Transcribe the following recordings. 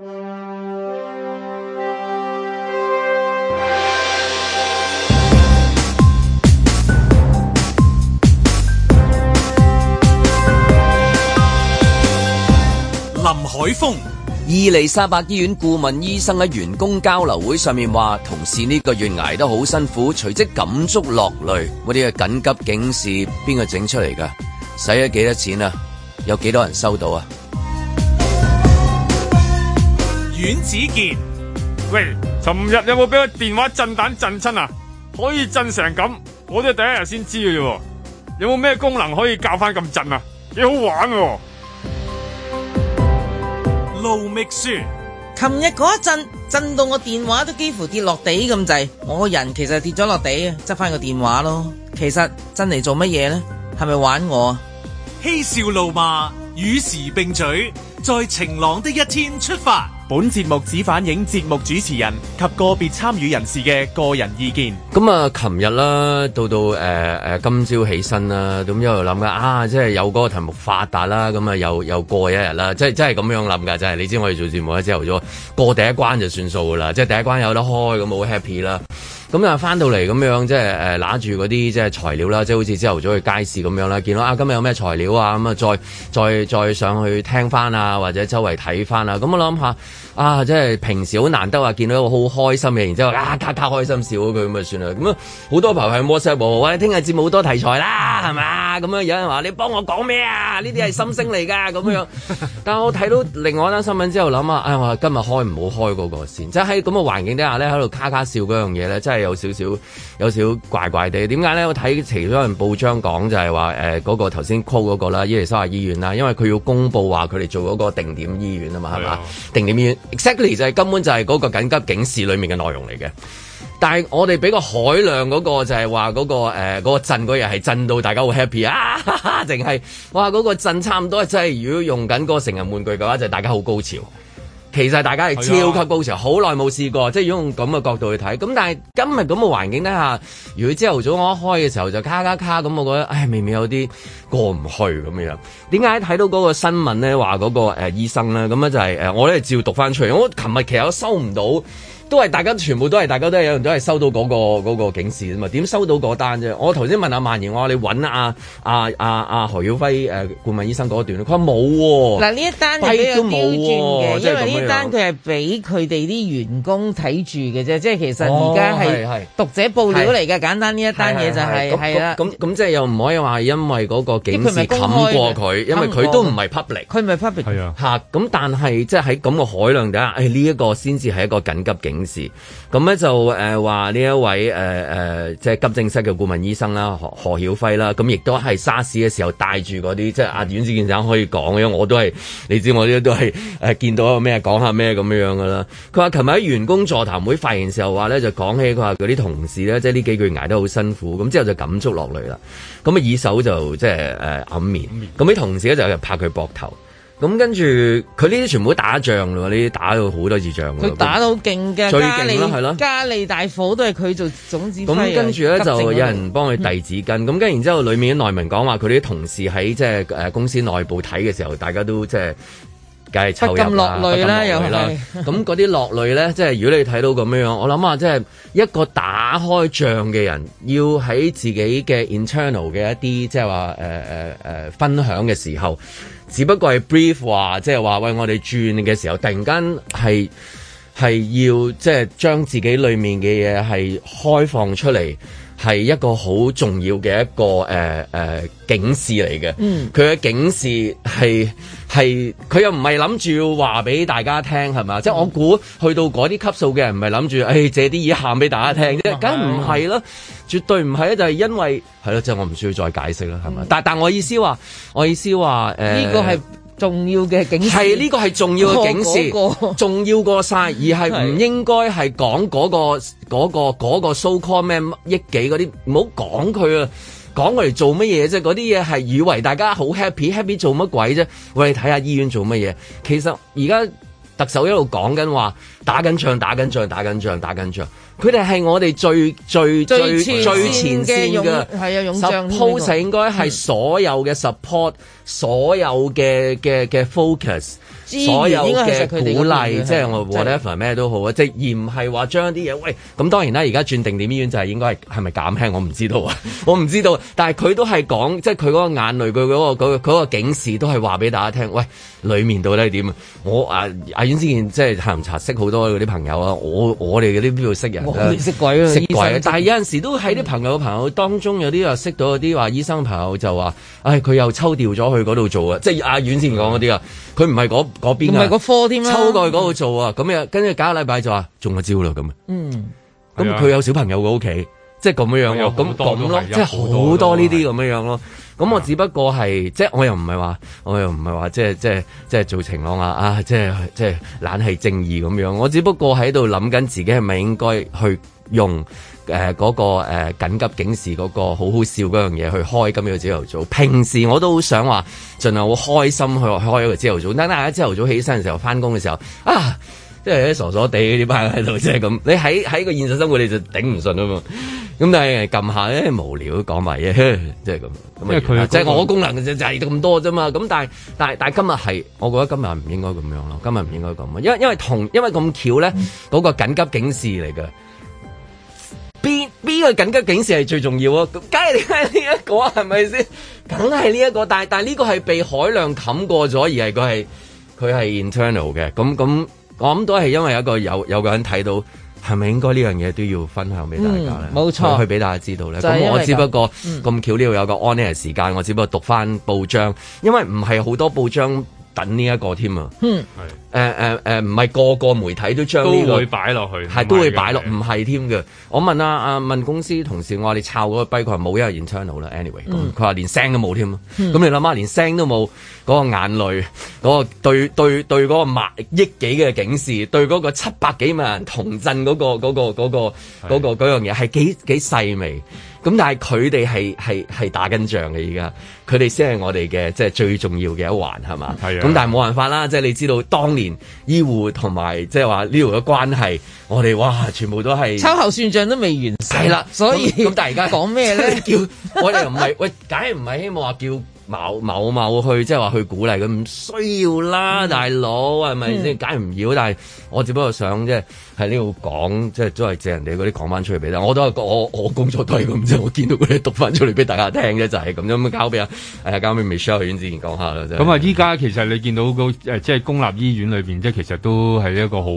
林海峰，伊利沙伯醫院顧問醫生喺員工交流會上面話，同事呢個月挨得好辛苦，隨即感觸落淚。我哋嘅緊急警示邊個整出嚟噶？使咗幾多錢啊？有幾多人收到啊？阮子健，喂，尋日有冇俾個電話震彈震親啊？可以震成咁，我都係第一日先知嘅啫。有冇咩功能可以教翻咁震啊？幾好玩。哦。盧覓雪，琴日嗰一震震到我電話都幾乎跌落地咁滯，我個人其實跌咗落地啊，執翻個電話咯。其實震嚟做乜嘢呢？係咪玩我？啊？嬉笑怒罵，與時並舉，在晴朗的一天出發。本節目只反映節目主持人及個別參與人士嘅個人意見。咁啊，琴日啦，到到誒誒、呃，今朝起身啦，咁一路諗緊，啊，即係有嗰個題目發達啦，咁啊，又又過一日啦，即係即係咁樣諗噶，就係你知我哋做節目咧，朝頭早過第一關就算數噶啦，即係第一關有得開咁好 happy 啦。咁啊，翻到嚟咁樣即係誒拿住嗰啲即係材料啦，即係好似朝頭早去街市咁樣啦，見到啊今日有咩材料啊，咁啊再再再上去聽翻啊，或者周圍睇翻啊，咁我諗下。啊，即係平時好難得話見到一個好開心嘅，然之後啊，咔咔開心笑佢句咁啊算啦，咁啊好多朋友喺 WhatsApp 我，喂，聽日節目好多題材啦，係嘛咁樣，有人話你幫我講咩啊？呢啲係心聲嚟㗎，咁樣。 但我睇到另外一單新聞之後諗啊，唉、哎那個，我今日開唔好開嗰個先，即係喺咁嘅環境底下咧，喺度咔咔笑嗰樣嘢咧，真係有少少有少怪怪地。點解咧？我睇其他人報章講就係話誒嗰個頭先 call 嗰個啦，伊利沙雅醫院啦，因為佢要公佈話佢哋做嗰個定點醫院啊嘛，係嘛？定點醫院。exactly 就係根本就係嗰個緊急警示裏面嘅內容嚟嘅，但係我哋比個海量嗰個就係話嗰個誒嗰震嗰日係震到大家好 happy 啊，淨哈係哈哇嗰、那個震差唔多真、就、係、是、如果用緊嗰個成人玩具嘅話就是、大家好高潮。其實大家係超級高潮，好耐冇試過，即係用咁嘅角度去睇。咁但係今日咁嘅環境底下，如果朝頭早我一開嘅時候就卡卡卡咁，我覺得唉，未免有啲過唔去咁嘅樣。點解睇到嗰個新聞咧話嗰個醫、呃、醫生咧咁咧就係我咧照讀翻出嚟。我琴日其實我收唔到。都係大家，全部都係大家都係有人都係收到嗰、嗰個嗰個警示啊嘛？點收到嗰單啫？我頭先問阿萬、啊、言，我話你揾阿阿阿何耀輝誒顧問醫生嗰段，佢話冇喎。嗱呢、啊、一單嘢又冇轉嘅，因為呢單佢係俾佢哋啲員工睇住嘅啫。即係其實而家係讀者報料嚟嘅、哦，簡單呢一單嘢就係咁咁即係又唔可以話因為嗰個警示冚過佢，因為佢都唔係 public，佢唔係 public 係啊。咁但係即係喺咁個海量底下，呢一個先至係一個緊急警。時咁咧就誒話呢一位誒誒、呃、即係急症室嘅顧問醫生啦，何何曉輝啦，咁亦都係沙士嘅時候帶住嗰啲即係阿阮子健生可以講嘅，因為我都係你知我呢都係誒、呃、見到咩講下咩咁樣樣噶啦。佢話琴日喺員工座談會發言時候話咧，就講起佢話嗰啲同事咧即係呢幾句挨得好辛苦，咁之後就感觸落淚啦，咁啊以手就即係誒掩面，咁啲同事咧就拍佢膊頭。咁跟住佢呢啲全部打仗咯喎，呢啲打到好多次仗。佢打到勁嘅，最勁啦，係咯，加利大火都係佢做總指。咁跟住咧就有人幫佢遞紙巾。咁跟住，然後之後，裡面啲內文講話，佢啲同事喺即係誒公司內部睇嘅時候，大家都即係梗係抽泣不禁落淚咧，又係。咁嗰啲落淚咧，即 係如果你睇到咁樣樣，我諗啊，即係一個打開仗嘅人，要喺自己嘅 internal 嘅一啲即係話誒誒誒分享嘅時候。只不過係 brief 話，即係話喂，我哋轉嘅時候，突然間係係要即係將自己裏面嘅嘢係開放出嚟。係一個好重要嘅一個誒誒、呃呃、警示嚟嘅，佢、嗯、嘅警示係係佢又唔係諗住話俾大家聽係咪？即係我估去到嗰啲級數嘅人唔係諗住誒借啲嘢喊俾大家聽啫，梗唔係啦，嗯，絕對唔係就係、係、因為係咯，即、嗯、係、就係、我唔需要再解釋啦，係咪、嗯？但但我，我意思話，我意思話，誒，呢個係。重要嘅警示係呢個係重要嘅警示、哦那個，重要過晒，而係唔應該係講嗰個嗰個嗰個 so call 咩億幾嗰啲，唔好講佢啊，講佢嚟做乜嘢啫？嗰啲嘢係以為大家好 happy happy 做乜鬼啫？我哋睇下醫院做乜嘢，其實而家特首一路講緊話打緊仗，打緊仗，打緊仗，打緊仗。佢哋係我哋最最最最前線嘅勇士，supposed 應該係所有嘅 support，的所有嘅嘅嘅 focus。所有嘅鼓勵，即係我 whatever 咩都好啊，即、就、係、是、而唔係話將啲嘢，喂咁當然啦，而家轉定點醫院就係應該係係咪減輕，我唔知道啊， 我唔知道。但係佢都係講，即係佢嗰個眼淚，佢嗰、那個、個警示都係話俾大家聽，喂，裏面到底係點啊？我啊，阿阮先健即係行查識好多嗰啲朋友啊，我我哋嗰啲邊度識人？識鬼啊！識鬼啊！但係有陣時都喺啲朋友嘅朋友、嗯、當中，有啲又識到有啲話醫生朋友就話，唉、哎，佢又抽調咗去嗰度做、嗯、啊，即係阿阮先健講嗰啲啊，佢唔係嗰。啊、個科添啦，抽過去嗰度做啊，咁跟住隔個禮拜就話中咗招啦咁啊。嗯、咁、嗯、佢、嗯、有小朋友嘅屋企，即係咁樣、嗯、樣咁咁咯，即係好多呢啲咁樣樣咯。咁我只不過係即係我又唔係話，我又唔係話即係即係即係做情郎啊啊！即係即係冷氣正義咁樣，我只不過喺度諗緊自己係咪應該去用。誒、呃、嗰、那個誒、呃、緊急警示嗰個好好笑嗰樣嘢，去開今日朝頭早，平時我都好想話盡量好開心去開一個朝頭早。等等朝頭早起身嘅時候，翻工嘅時候啊，即係傻傻地呢班喺度即係咁。你喺喺個現實生活你就頂唔順啊嘛。咁、嗯、但係撳下咧無聊講埋嘢，即係咁。即係我功能就係咁多啫嘛。咁但係但係但係今日係我覺得今日唔應該咁樣咯。今日唔應該咁啊。因為因為同因為咁巧咧嗰，那個緊急警示嚟嘅。呢、這個緊急警示係最重要啊！梗係點解呢一個啊，係咪先？梗係呢一個，但係但係呢個係被海量冚過咗，而係佢係佢係 internal 嘅。咁咁，我諗都係因為有個有有個人睇到，係咪應該呢樣嘢都要分享俾大家咧？冇、嗯、錯，我去俾大家知道咧。咁、就是、我只不過咁、嗯、巧呢度有個 on air 時間，我只不過讀翻報章，因為唔係好多報章。等呢一個添啊，係誒誒誒，唔、呃、係、呃呃、個個媒體都將都會擺落去，都會擺落，唔係添嘅。我問下啊阿問公司同事，我話你抄冇一碑、anyway, 嗯，佢話冇，internal 啦。anyway，佢話連聲都冇添，咁、嗯、你諗下，連聲都冇，嗰、嗰個眼淚，嗰、嗰個對對對嗰個萬億幾嘅警示，對嗰個七百萬、嗰個嗰個嗰個嗰個、幾萬人同鎮嗰個嗰個嗰嗰嗰樣嘢，係幾幾細微。咁但係佢哋係係係打緊仗嘅而家，佢哋先係我哋嘅即係最重要嘅一環係嘛？係啊。咁但係冇辦法啦，即係你知道當年醫護同埋即係話呢度嘅關係，我哋哇全部都係。秋後算賬都未完。係啦，所以咁但係而家講咩咧？呢叫我哋唔係喂，梗係唔係希望話叫。某某某去即係話去鼓勵佢，唔需要啦，嗯、大佬係咪先？梗係唔要，但係我只不過想即係喺呢度講，即係都係借人哋嗰啲講翻出嚟俾，我都係覺我我工作都係咁即啫，我見到佢哋讀翻出嚟俾大家聽啫，就係咁樣。咁交俾阿誒，交俾、哎、Michelle 院長先講下啦。咁、就、啊、是，依家其實你見到嗰即係公立醫院裏邊，即係其實都係一個好，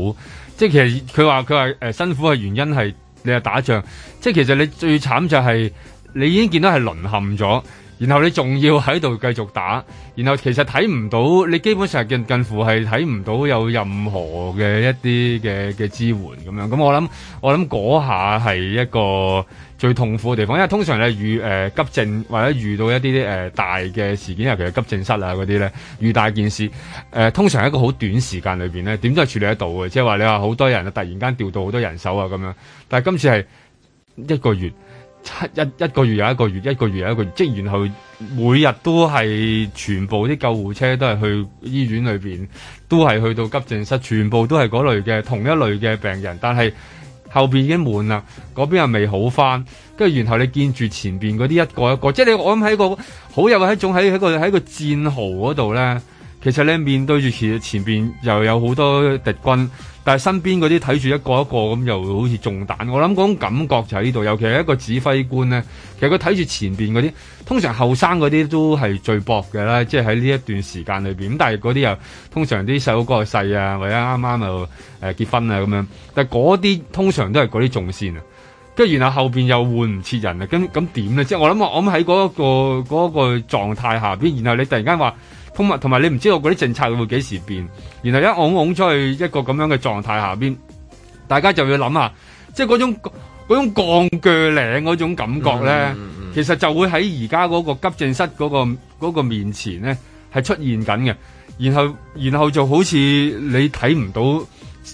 即係其實佢話佢話誒辛苦嘅原因係你係打仗，即係其實你最慘就係、是、你已經見到係淪陷咗。然後你仲要喺度繼續打，然後其實睇唔到，你基本上近近乎係睇唔到有任何嘅一啲嘅嘅支援咁樣。咁我諗我諗嗰下係一個最痛苦嘅地方，因為通常你遇誒、呃、急症或者遇到一啲誒、呃、大嘅事件，尤其係急症室啊嗰啲咧，遇大件事，誒、呃、通常一個好短時間裏邊咧，點都係處理得到嘅，即係話你話好多人突然間調到好多人手啊咁樣。但係今次係一個月。七一一個月又一個月，一個月又一個月，即然後每日都係全部啲救護車都係去醫院裏面，都係去到急症室，全部都係嗰類嘅同一類嘅病人。但係後面已經悶啦，嗰邊又未好翻，跟住然後你見住前面嗰啲一個一個，即你我諗喺個好有一種喺喺個喺個戰壕嗰度咧，其實呢，面對住前前面又有好多敵軍。但係身邊嗰啲睇住一個一個咁，又好似中彈。我諗嗰種感覺就喺呢度，尤其係一個指揮官咧。其實佢睇住前面嗰啲，通常後生嗰啲都係最薄嘅啦。即係喺呢一段時間裏面，咁但係嗰啲又通常啲細佬哥細啊，或者啱啱又誒結婚啊咁樣。但係嗰啲通常都係嗰啲中先啊。跟住然後後面又換唔切人啊！咁咁點咧？即係我諗我喺嗰個嗰個狀態下邊，然後你突然間話同埋同埋你唔知道我嗰啲政策會幾時變，然後一㧬㧬出去一個咁樣嘅狀態下邊大家就要諗下，即係嗰種嗰種鋼鋸嶺嗰種感覺咧，mm -hmm. 其實就會喺而家嗰個急症室嗰個嗰個面前咧係出現緊嘅。然後然後就好似你睇唔到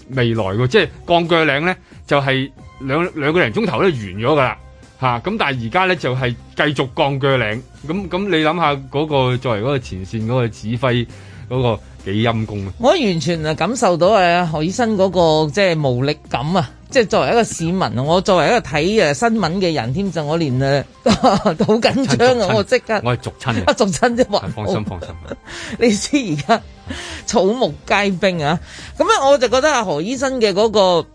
未來嘅，即係鋼鋸嶺咧就係。兩兩個零鐘頭都完咗㗎喇，吓、啊、咁但係而家咧就係、是、繼續鋼鋸嶺，咁、啊、咁、啊、你諗下嗰個作為嗰個前綫嗰個指揮嗰、那個幾陰功啊！我完全啊感受到啊何醫生嗰、那個即係無力感啊！即係作為一個市民，我作為一個睇、啊、新聞嘅人，添就我連啊都好緊張啊！我即刻我係俗親啊逐親啫，放心放心，你知而家草木皆兵啊！咁啊我就覺得阿何醫生嘅嗰、那個。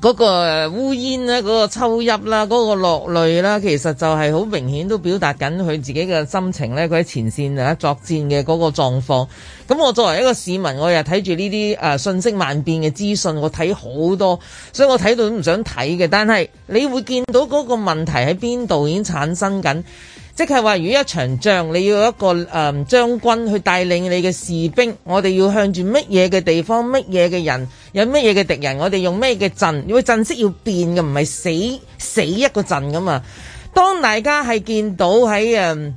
嗰個誒烏煙咧，嗰個抽泣啦，嗰個落淚啦，其實就係好明顯都表達緊佢自己嘅心情咧。佢喺前線啊作戰嘅嗰個狀況。咁我作為一個市民，我又睇住呢啲誒瞬息萬變嘅資訊，我睇好多，所以我睇到都唔想睇嘅。但係你會見到嗰個問題喺邊度已經產生緊。即係話，如果一場仗，你要一個誒將軍去帶領你嘅士兵，我哋要向住乜嘢嘅地方，乜嘢嘅人，有乜嘢嘅敵人，我哋用咩嘅陣，因為陣式要變嘅，唔係死死一個陣㗎嘛。當大家係見到喺誒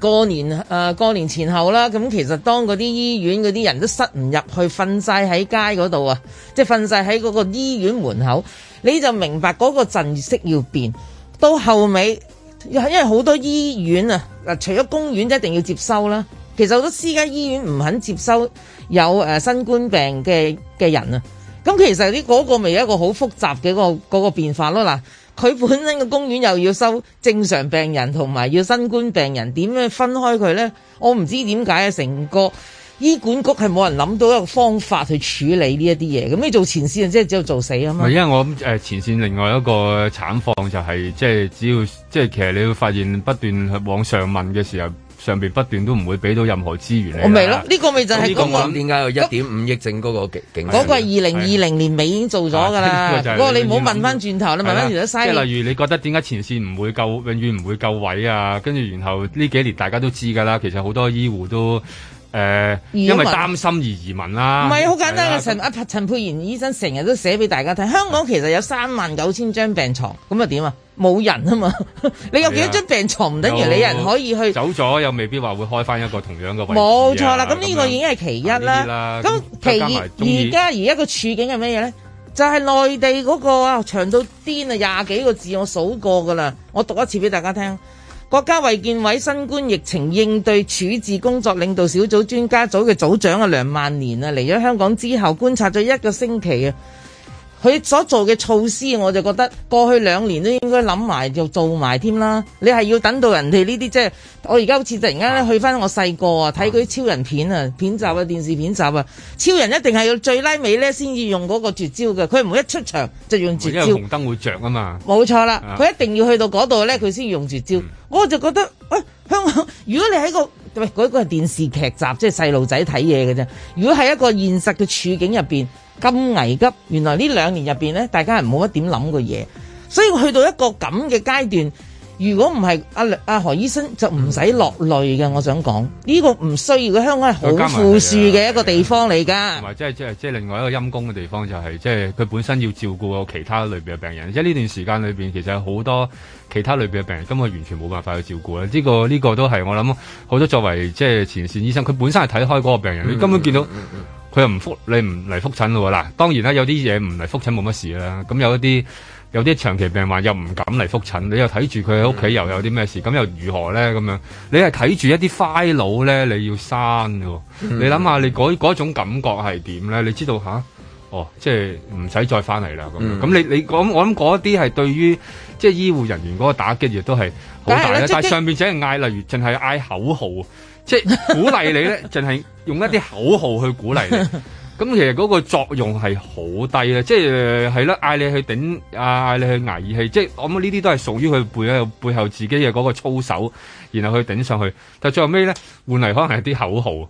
過年誒、呃、過年前後啦，咁其實當嗰啲醫院嗰啲人都塞唔入去，瞓晒喺街嗰度啊，即係瞓晒喺嗰個醫院門口，你就明白嗰個陣式要變到後尾。因為好多醫院啊嗱，除咗公院一定要接收啦，其實好多私家醫院唔肯接收有新冠病嘅嘅人啊。咁其實呢個個咪一個好複雜嘅個嗰個變化咯。嗱，佢本身嘅公院又要收正常病人同埋要新冠病人，點樣分開佢呢？我唔知點解啊，成個。醫管局係冇人諗到一個方法去處理呢一啲嘢，咁你做前線即係只有做死啊嘛。係，因為我誒、呃、前線另外一個慘況就係、是，即係只要即係其實你會發現不斷往上問嘅時候，上邊不斷都唔會俾到任何資源。我咪咯，呢、這個咪就係嗰、那個點解一點五億整嗰個勁勁。嗰、那個係二零二零年尾已經做咗噶啦。啊這個就是、不過你唔好問翻轉頭，你問翻轉頭即係、就是、例如你覺得點解前線唔會夠，永遠唔會夠位啊？跟住然後呢幾年大家都知噶啦，其實好多醫護都。誒、呃，因為擔心而移民啦、啊。唔係好簡單嘅陳陳沛然醫生成日都寫俾大家聽，香港其實有三萬九千張病床，咁啊點啊？冇人啊嘛， 你有幾多張病床唔等於你人可以去？走咗又未必話會開翻一個同樣嘅、啊。冇錯啦，咁呢個已經係其一啦。咁、啊、其二而家而家個處境係咩嘢咧？就係、是、內地嗰個啊，長到癲啊，廿幾個字我數過噶啦，我讀一次俾大家聽。國家衛健委新冠疫情應對處置工作領導小組專家組嘅組長啊梁萬年啊嚟咗香港之後，觀察咗一個星期啊。佢所做嘅措施，我就覺得過去兩年都應該諗埋就做埋添啦。你係要等到人哋呢啲即係我而家好似突然間咧去翻我細個啊睇嗰啲超人片啊片集啊電視片集啊，超人一定係要最拉尾咧先至用嗰個絕招嘅，佢唔會一出場就用絕招。因為紅燈會著啊嘛，冇錯啦，佢一定要去到嗰度咧，佢先用絕招、嗯。我就覺得，喂、哎，香港如果你喺個喂，係、哎、嗰、嗰個係電視劇集，即係細路仔睇嘢嘅啫。如果喺一個現實嘅處境入邊，咁危急，原來呢兩年入面咧，大家係冇乜點諗過嘢，所以去到一個咁嘅階段，如果唔係阿阿何醫生就唔使落淚嘅。我想講呢個唔需要香港係好富庶嘅一個地方嚟噶。唔係即係即係即係另外一個陰公嘅地方就係即係佢本身要照顧其他類別嘅病人，即係呢段時間裏面，其實有好多其他類別嘅病人，根本完全冇辦法去照顧啦。呢個呢個都係我諗好多作為即係前線醫生，佢本身係睇開嗰個病人、嗯，你根本見到。嗯佢又唔覆，你唔嚟覆診喎。嗱。當然啦，有啲嘢唔嚟覆診冇乜事啦。咁有一啲，有啲長期病患又唔敢嚟覆診，你又睇住佢喺屋企又有啲咩事，咁、嗯、又如何咧？咁樣你係睇住一啲 file 咧，你，你要刪喎、嗯。你諗下，你嗰嗰種感覺係點咧？你知道吓、啊？哦，即係唔使再翻嚟啦。咁、嗯、咁，你你我我諗嗰啲係對於即係醫護人員嗰個打擊亦都係好大啦。但係上邊只係嗌，例如淨係嗌口號。即係鼓勵你咧，淨係用一啲口號去鼓勵你。咁其實嗰個作用係好低啦，即係係啦，嗌你去頂，啊嗌你去捱氣。即係我覺得呢啲都係屬於佢背後背後自己嘅嗰個操守，然後去頂上去。但最後尾咧，換嚟可能係啲口號。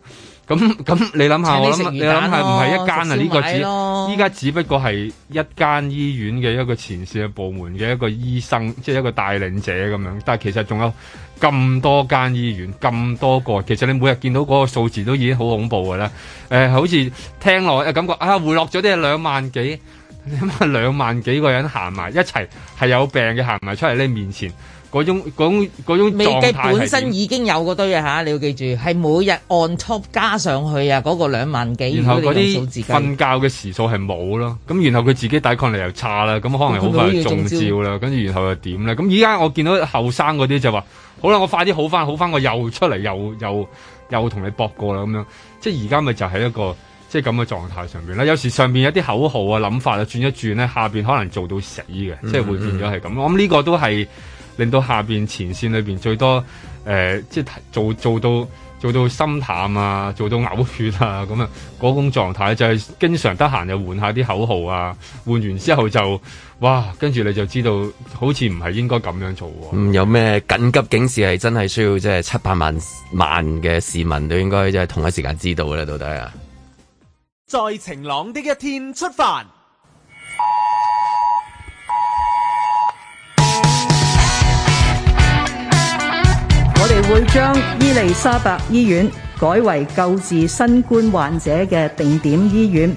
咁咁你諗下，我諗你諗下唔係一間啊，呢個只依家只不過係一間醫院嘅一個前線嘅部門嘅一個醫生，即係一個帶領者咁樣。但係其實仲有咁多間醫院，咁多個，其實你每日見到嗰個數字都已經好恐怖㗎啦誒，好似聽落感覺啊，回落咗啲兩萬幾，你諗下，兩萬幾個人行埋一齊，係有病嘅行埋出嚟你面前。嗰種嗰種，種本身已經有嗰堆嘢，你要記住係每日按 top 加上去啊，嗰、那個兩萬幾，然後嗰啲瞓覺嘅時數係冇咯，咁然後佢自己抵抗力又差啦，咁可能好快就中招啦，跟住然後又點咧？咁依家我見到後生嗰啲就話：好啦，我快啲好翻，好翻我又出嚟，又又又同你搏過啦咁樣。即係而家咪就喺一個即係咁嘅狀態上面。啦。有時上面有啲口號啊、諗法啊轉一轉咧，下面可能做到死嘅、嗯嗯，即係會變咗係咁。我諗呢個都係。令到下面前線裏面最多誒、呃，即係做做到做到心淡啊，做到嘔血啊咁啊，嗰種狀態就係、是、經常得閒就換下啲口號啊，換完之後就哇，跟住你就知道好似唔係應該咁樣做、啊。咁、嗯、有咩緊急警示係真係需要即係七百萬萬嘅市民都應該即係同一時間知道嘅啦，到底啊，在晴朗的一天出發。我哋會將伊利沙伯醫院改為救治新冠患者嘅定點醫院，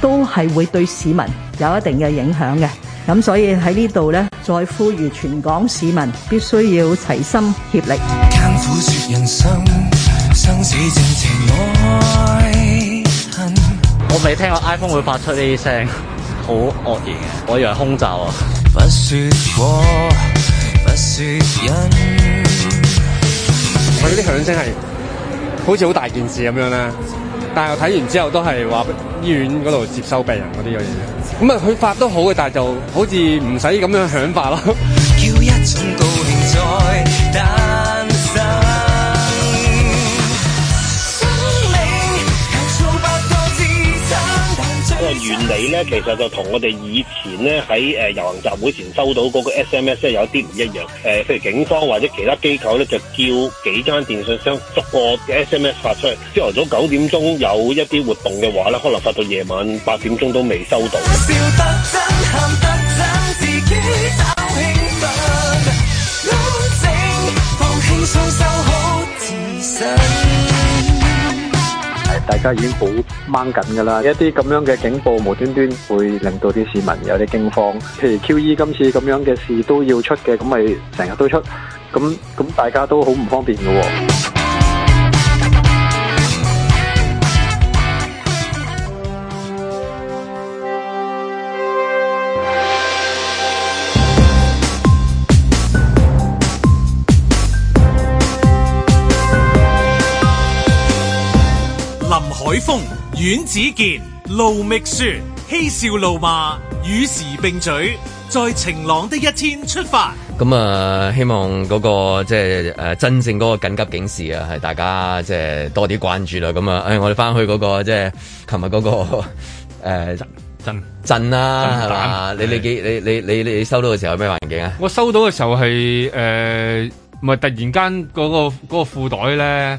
都係會對市民有一定嘅影響嘅。咁所以喺呢度呢，再呼籲全港市民必須要齊心協力。我未聽過 iPhone 會發出呢啲聲，好惡言，我以為空襲啊！不說過，不說人。佢嗰啲響聲係好似好大件事咁樣啦，但係我睇完之後都係話醫院嗰度接收病人嗰啲嘅嘢，咁啊佢發都好嘅，但係就好似唔使咁樣響法咯。原理咧，其實就同我哋以前咧喺誒遊行集會前收到嗰個 SMS 咧有啲唔一樣。誒、呃，譬如警方或者其他機構咧，就叫幾間電信商逐個個 SMS 發出嚟。朝頭早九點鐘有一啲活動嘅話咧，可能發到夜晚八點鐘都未收到。笑得大家已經好掹緊㗎啦，一啲咁樣嘅警報無端端會令到啲市民有啲驚慌。譬如 QE 今次咁樣嘅事都要出嘅，咁咪成日都出，咁咁大家都好唔方便嘅喎。海峰、阮子健、盧覓雪嬉笑怒罵與時並嘴，在晴朗的一天出發。咁啊、呃，希望嗰、那個即係誒真正嗰個緊急警示啊，係大家即係多啲關注啦。咁啊，誒、嗯，我哋翻去嗰個即係琴日嗰個誒震震震啊，你你幾你你你你，你收到嘅時候係咩環境啊？我收到嘅時候係誒，唔、呃、係突然間嗰、那個嗰、那個褲袋咧。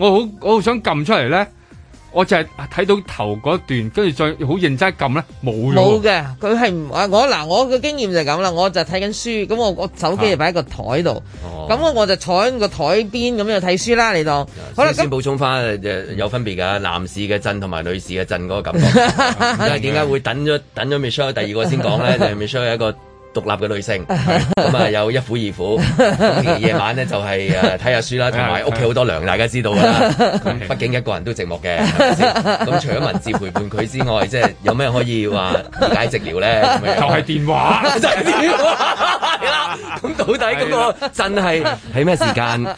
我好，我好想撳出嚟咧，我就係睇到頭嗰段，跟住再好認真撳咧，冇咗。冇嘅，佢係唔啊我嗱，我嘅經驗就係咁啦，我就睇緊書，咁我我手機就擺喺個台度，咁、啊、我我就坐喺個台邊咁就睇書啦，你當。好啦，先補充翻有分別㗎，男士嘅震同埋女士嘅震嗰個感覺， 但係點解會等咗等咗 Michelle 第二個先講咧？就係、Michelle 一個。獨立嘅女性，咁啊、嗯、有一苦二苦，咁夜晚咧就係誒睇下書啦，同埋屋企好多糧，大家知道㗎啦。畢竟一個人都寂寞嘅，咁、嗯嗯、除咗文字陪伴佢之外， 即係有咩可以話解寂寥咧？就係電話，就 係電話，啦。 咁到底嗰個真係喺咩時間？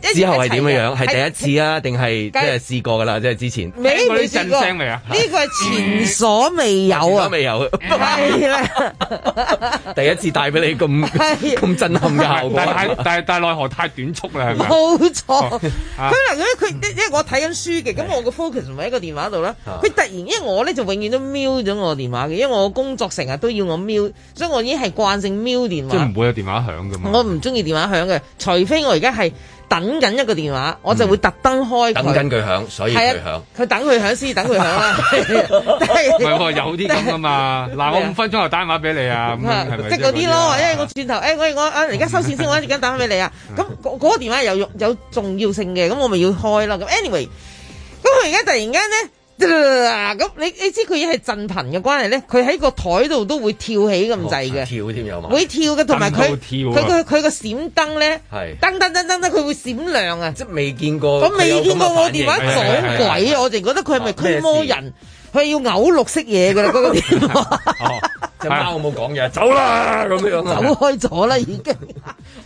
之後係點樣樣？係第一次啊，定係即係試過嘅啦，即係之前未嚟啊？呢個係前所未有啊！前所未有，係啦 。 第一次帶俾你咁咁 震撼嘅效果， 但係但係奈何太短促啦，係咪？冇錯，佢嗱佢因為我睇緊書嘅，咁 我個 focus 唔係喺個電話度啦。佢突然，因為我咧就永遠都瞄咗我電話嘅，因為我工作成日都要我瞄，所以我已經係慣性瞄電話。即係唔會有電話響㗎嘛？我唔中意電話響嘅，除非我而家係。等緊一個電話，我就會特登開等緊佢響，所以佢響。佢等佢響先，等佢響啊！唔係喎，有啲噉㗎嘛。嗱、 啊，我五分鐘後打電話俾你啊。即嗰啲咯， 因為我轉頭，誒、哎，我我啊，而家收線先，我一陣間打翻俾你啊。咁 嗰、嗰個嗰個電話有有重要性嘅，咁我咪要開啦。咁 anyway，咁佢而家突然間咧。咁、嗯、你你知佢已係震頻嘅關係咧，佢喺個台度都會跳起咁滯嘅，跳添有嘛？會跳嘅，同埋佢佢佢佢個閃燈咧，係，噔噔噔噔噔，佢會閃亮啊！即係未見過。咁未見過我電話講鬼，我淨覺得佢係咪驅魔人？佢要嘔綠色嘢噶啦，嗰、那個電話。隻 貓、哦、 我冇講嘢，走啦咁樣，走開咗啦已經。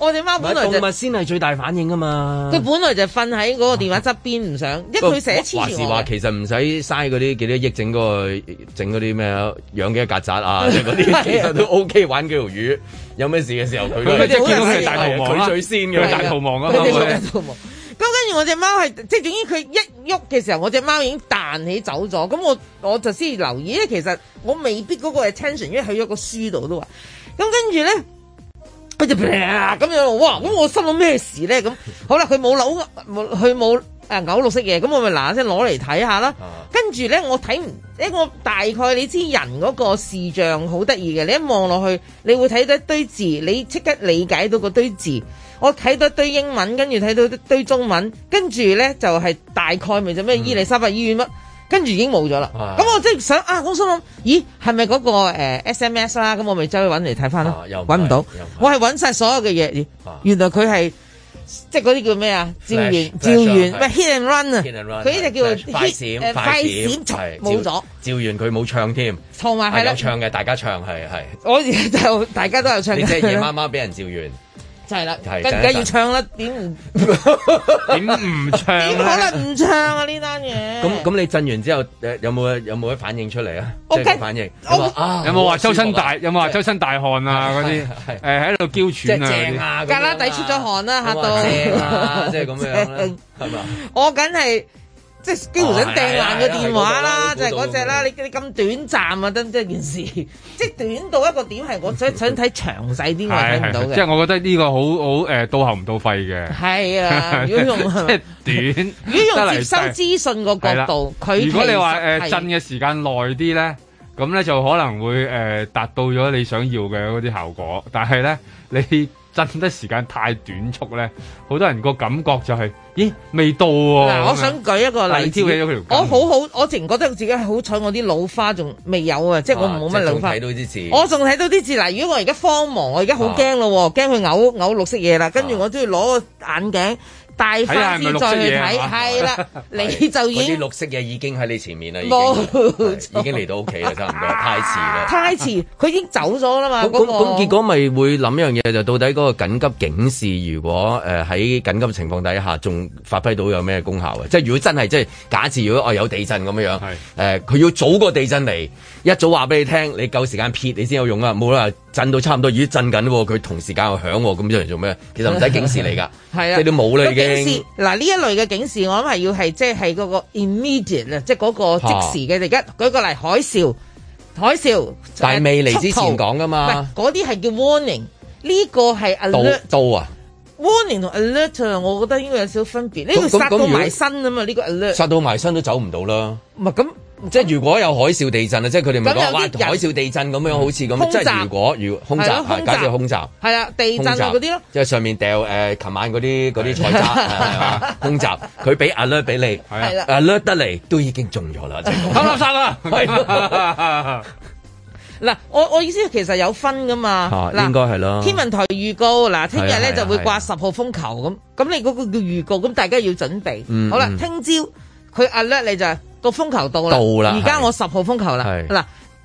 我隻貓本來就是、動物先係最大反應㗎嘛，佢本來就瞓喺嗰個電話側邊唔想，因為佢寫千字。還是話其實唔使嘥嗰啲幾多億整嗰個，整嗰啲咩養幾隻曱甴啊，嗰、就、啲、是、 其實都 OK。玩幾條魚，有咩事嘅時候佢。咁啊， 即係見到佢大逃亡，佢最先嘅大逃亡啊！佢大逃亡、啊。咁跟住我隻貓係， 即係總之佢一喐嘅時候，我隻貓已經彈起走咗。咁我我就先留意咧。其實我未必嗰個 attention 因為喺一個書度都話。咁跟住咧。佢就咁樣喎？咁我心諗咩 事咧？咁好啦，佢冇扭，冇佢冇誒扭綠色嘅，咁我咪嗱嗱聲攞嚟睇下啦。跟住咧，我睇唔呢我大概你知人嗰個視像好得意嘅，really. 你一望落去，你會睇到一堆字，你即刻理解到個堆字。我睇到一堆英文，跟住睇到一堆中文，跟住咧就係、是、大概咪就咩？伊利沙伯醫院乜、mm.？跟住已經冇咗啦，咁、啊嗯、我即係想啊，我心諗咦係咪嗰個、呃、SMS 啦、啊？咁我咪走去搵嚟睇翻咯，搵、啊、唔到。我係搵晒所有嘅嘢、啊，原來佢係即係嗰啲叫咩啊？趙元，趙元，喂 hit and run 啊，佢呢隻叫做快閃、uh,，快閃，冇咗。趙元佢冇唱添，同埋係咯，唱嘅、啊，大家唱係係。我就大家都有唱，即 係夜媽媽俾人趙元。係、就、啦、是，係而家要唱啦，點唔點唔唱？點 可能唔唱啊？呢單嘢咁咁，你震完之後有冇有冇反應出嚟啊？OK 反應，有冇話、啊、周身大、啊、有冇話周身大汗啊？嗰啲係誒喺度嬌喘啊？就是、正正、啊、格拉底出咗汗啦、啊，嚇到即係咁樣係嘛？ 我緊係。即係幾乎想掟爛個電話啦，就係嗰隻啦。你你咁短暫啊，真真件事，即係短到一個點係我想想睇詳細啲我睇唔到嘅。即係我覺得呢個好好誒到喉唔到肺嘅。係啊，如果用即係短，如果用接收資訊個角度，佢如果你話誒震嘅時間耐啲咧，咁咧就可能會誒達到咗你想要嘅嗰啲效果，但係咧你。震得時間太短促咧，好多人個感覺就係、是，咦？未到喎、啊。嗱，我想舉一個例子，你我好好，我直情覺得自己好彩，我啲老花仲未有啊，即係我冇乜老花。我仲睇到啲字。我仲睇到啲字。嗱，如果我而家慌忙，我而家好驚咯喎，驚、啊、佢嘔嘔綠色嘢啦。跟住我都要攞個眼鏡。大塊先再去睇，係啦、啊，你就已經嗰啲綠色嘢已經喺你前面啦，已經已經嚟到屋企啦，差唔多太遲啦。太遲，佢 已經走咗啦嘛。咁咁咁，那個、結果咪會諗一樣嘢，就到底嗰個緊急警示，如果誒喺、呃、緊急情況底下，仲發揮到有咩功效嘅？即係如果真係即係假設，如果我有地震咁樣樣，佢、呃、要早過地震嚟，一早話俾你聽，你夠時間撇你先有用啊！冇啦，震到差唔多，已、呃、經震緊喎。佢同時間又響，咁樣嚟做咩？其實唔使警示嚟噶，即 係你冇已經嗱呢一類嘅警示，我諗係要係即係嗰個 immediate 啊，即係嗰個即時嘅。而、啊、家舉個嚟海嘯，海嘯，但係未嚟之前講噶嘛？嗰啲係叫 warning，呢個係 alert，到，到啊。warning 同 alert，我覺得應該有少少分別。呢、這個殺到埋身啊嘛，呢、這個 alert 殺到埋身都走唔到啦。唔係咁。即係如果有海嘯地震啊、嗯，即係佢哋咪講話，海嘯地震咁樣，好似咁，即係如果如空襲假設空襲，係啦，地震嗰啲、就是、咯，即係上面掉誒，琴、呃、晚嗰啲嗰啲菜渣空襲，佢俾 alert 俾你，alert 得嚟都已經中咗啦，即係，慘啦慘啦，喂、嗯，嗱、嗯，我我意思其實有分噶嘛，嗱、嗯，應該係咯，天文台預告嗱，聽日咧就會掛十號風球咁，咁你嗰個叫預告，咁大家要準備，好啦，聽朝。佢 alert 你就係、係、個風球到啦，而家我十號風球啦，嗱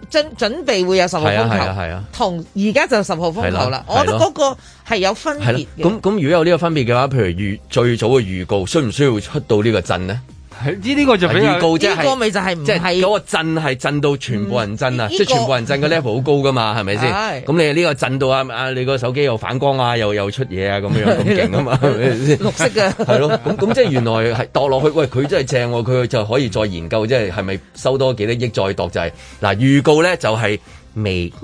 準準備會有十號風球，同而家就十號風球啦、啊啊。我覺得嗰個係有分別嘅、啊。咁咁、啊啊，如果有呢個分別嘅話，譬如最早嘅預告，需唔需要出到呢個陣呢？呢、這、呢個就俾預告啫、就是這個，就係即係嗰個震係震到全部人震啊！即、這、係、個就是、全部人震嘅 level 好高噶嘛，係咪先？咁你呢個震到啊啊！你個手機又反光啊，又又出嘢啊，咁樣咁勁啊嘛 係咪先！綠色嘅係咯，咁咁即係原來係墮落去。喂，佢真係正、啊，佢就可以再研究，即係係咪收多幾多億再墮？就係嗱預告咧，就係、是、未。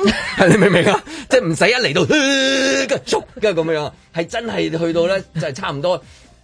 你明唔明啊？ 即係唔使一嚟到，跟住咁樣啊！係真係去到咧，就係、是、差唔多。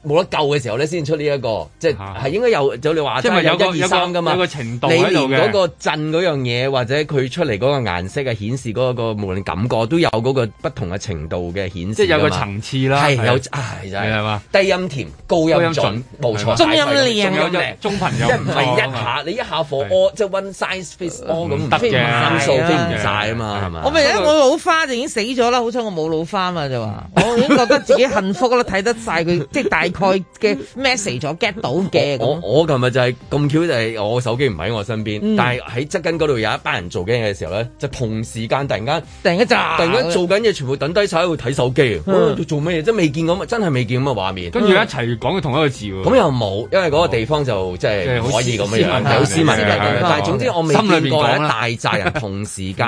冇得救嘅時候咧，先出呢、呢個啊、一個，即係應該有就你話，即係有一，有一個二三噶嘛。有個程度你連嗰個震嗰樣嘢，或者佢出嚟嗰個顏色啊，顯示嗰、嗰個無論感覺都有嗰個不同嘅程度嘅顯示。即係有個層次啦。係有，係、啊就係、低音甜，高音準，冇錯。中音靚，中音朋友。唔係一下， 你一下火 all 即係 one size fits all 咁唔得嘅，飛唔曬啊嘛，係嘛？我咪我老花就已經死咗啦，好彩我冇老花嘛就話，我已經覺得自己幸福咯，睇得晒佢，即係大。佢嘅 message 咗 get 到嘅，我我琴日就係咁巧就係我手機唔喺我身邊，嗯、但係喺側跟嗰度有一班人做緊嘢嘅時候咧，就同時間突然間突然間，突然間做緊嘢，全部等低晒喺度睇手機、嗯、做咩嘢？真係未見過真係未見過嘅畫面。嗯、跟住一齊講嘅同一個字，咁又冇，因為嗰個地方就即係、嗯、可以咁樣，好斯文嘅。但係總之我未見過一大扎人同時間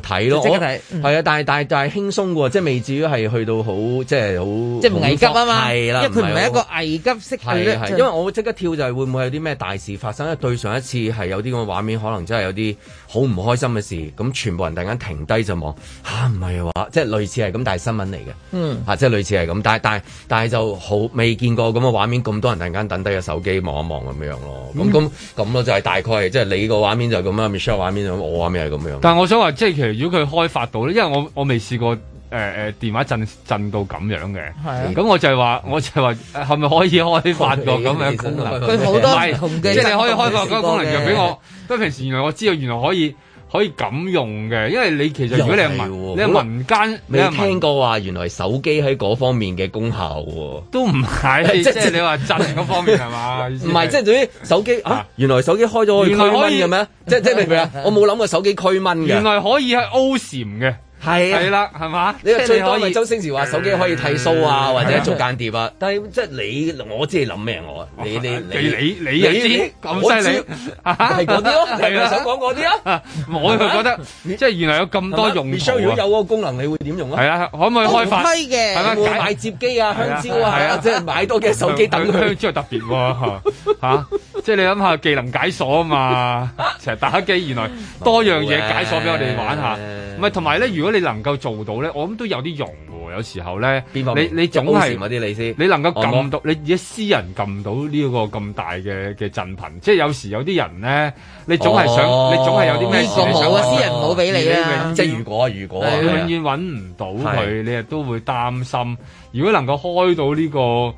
睇、哦、咯，係啊！但係但係但係輕鬆喎，即係未至於係去到好即係好即係唔危急啊嘛，一區。係一個危急識係，因為我即刻跳，就係會唔會有啲咩大事發生？因為對上一次係有啲咁嘅畫面，可能真係有啲好唔開心嘅事。咁全部人突然間停低就望吓，唔、啊、係話，即係類似係咁，但係新聞嚟嘅。嗯，啊、即係類似係咁，但係但係但係就好未見過咁嘅畫面，咁多人突然間等低個手機望一望咁樣咯。咁咁咁咯，就係大概即係你個畫面就咁樣、嗯、Michelle 畫面咁，我畫面係咁樣。但係我想話，即係其實如果佢開發到咧，因為我我未試過，誒、呃、誒，電話震震到咁樣嘅，咁、啊、我就係話，我就係話，係咪可以開發個咁嘅功能？佢好多唔係，即係你可以開發個功能讓俾我。不過平時原來我知道，原來可以可以咁用嘅，因為你其實如果你係民，你係民間，你係聽過話，原來手機喺嗰方面嘅功效、啊、都唔係，即、就、係、是就是、你話震嗰方面係嘛？唔 係，即係對於手機啊，原來手機開咗可以驅蚊，即即係我冇諗過手機驅蚊嘅，原來可以係 O 禪嘅。 即 係啦、啊，係嘛、啊？你說最多咪周星馳話手機可以剃鬚啊，嗯、或者做間諜啊。是啊，但係即係你，我知你諗咩我啊，啊，啊？你你你你你知咁犀利？係嗰啲咯，係啊，想講嗰啲啊。我係覺得即係、就是、原來有咁多用處、啊。Michel, 如果有嗰個功能，你會點用啊？係啊，可唔可以開發？係、哦、啊，解接機啊，香蕉啊，即係、啊啊啊就是、買多隻手機等香蕉特別喎。即係你諗下，技能解鎖啊嘛，成日打機原來多樣嘢解鎖俾我哋玩下。唔係，同埋咧，如果你能夠做到咧，我諗都有啲用喎。有時候咧，你你總係啲你先，你能夠撳到，嗯、你而家私人撳到呢個咁大嘅嘅振頻，即係有時有啲人咧，你總係想、哦，你總係有啲咩？呢、哦、個想啊、哦，私人唔好俾你、啊、即係如果、啊，如果、啊啊啊、永遠揾唔到佢、啊，你亦都會擔心。如果能夠開到呢、這個。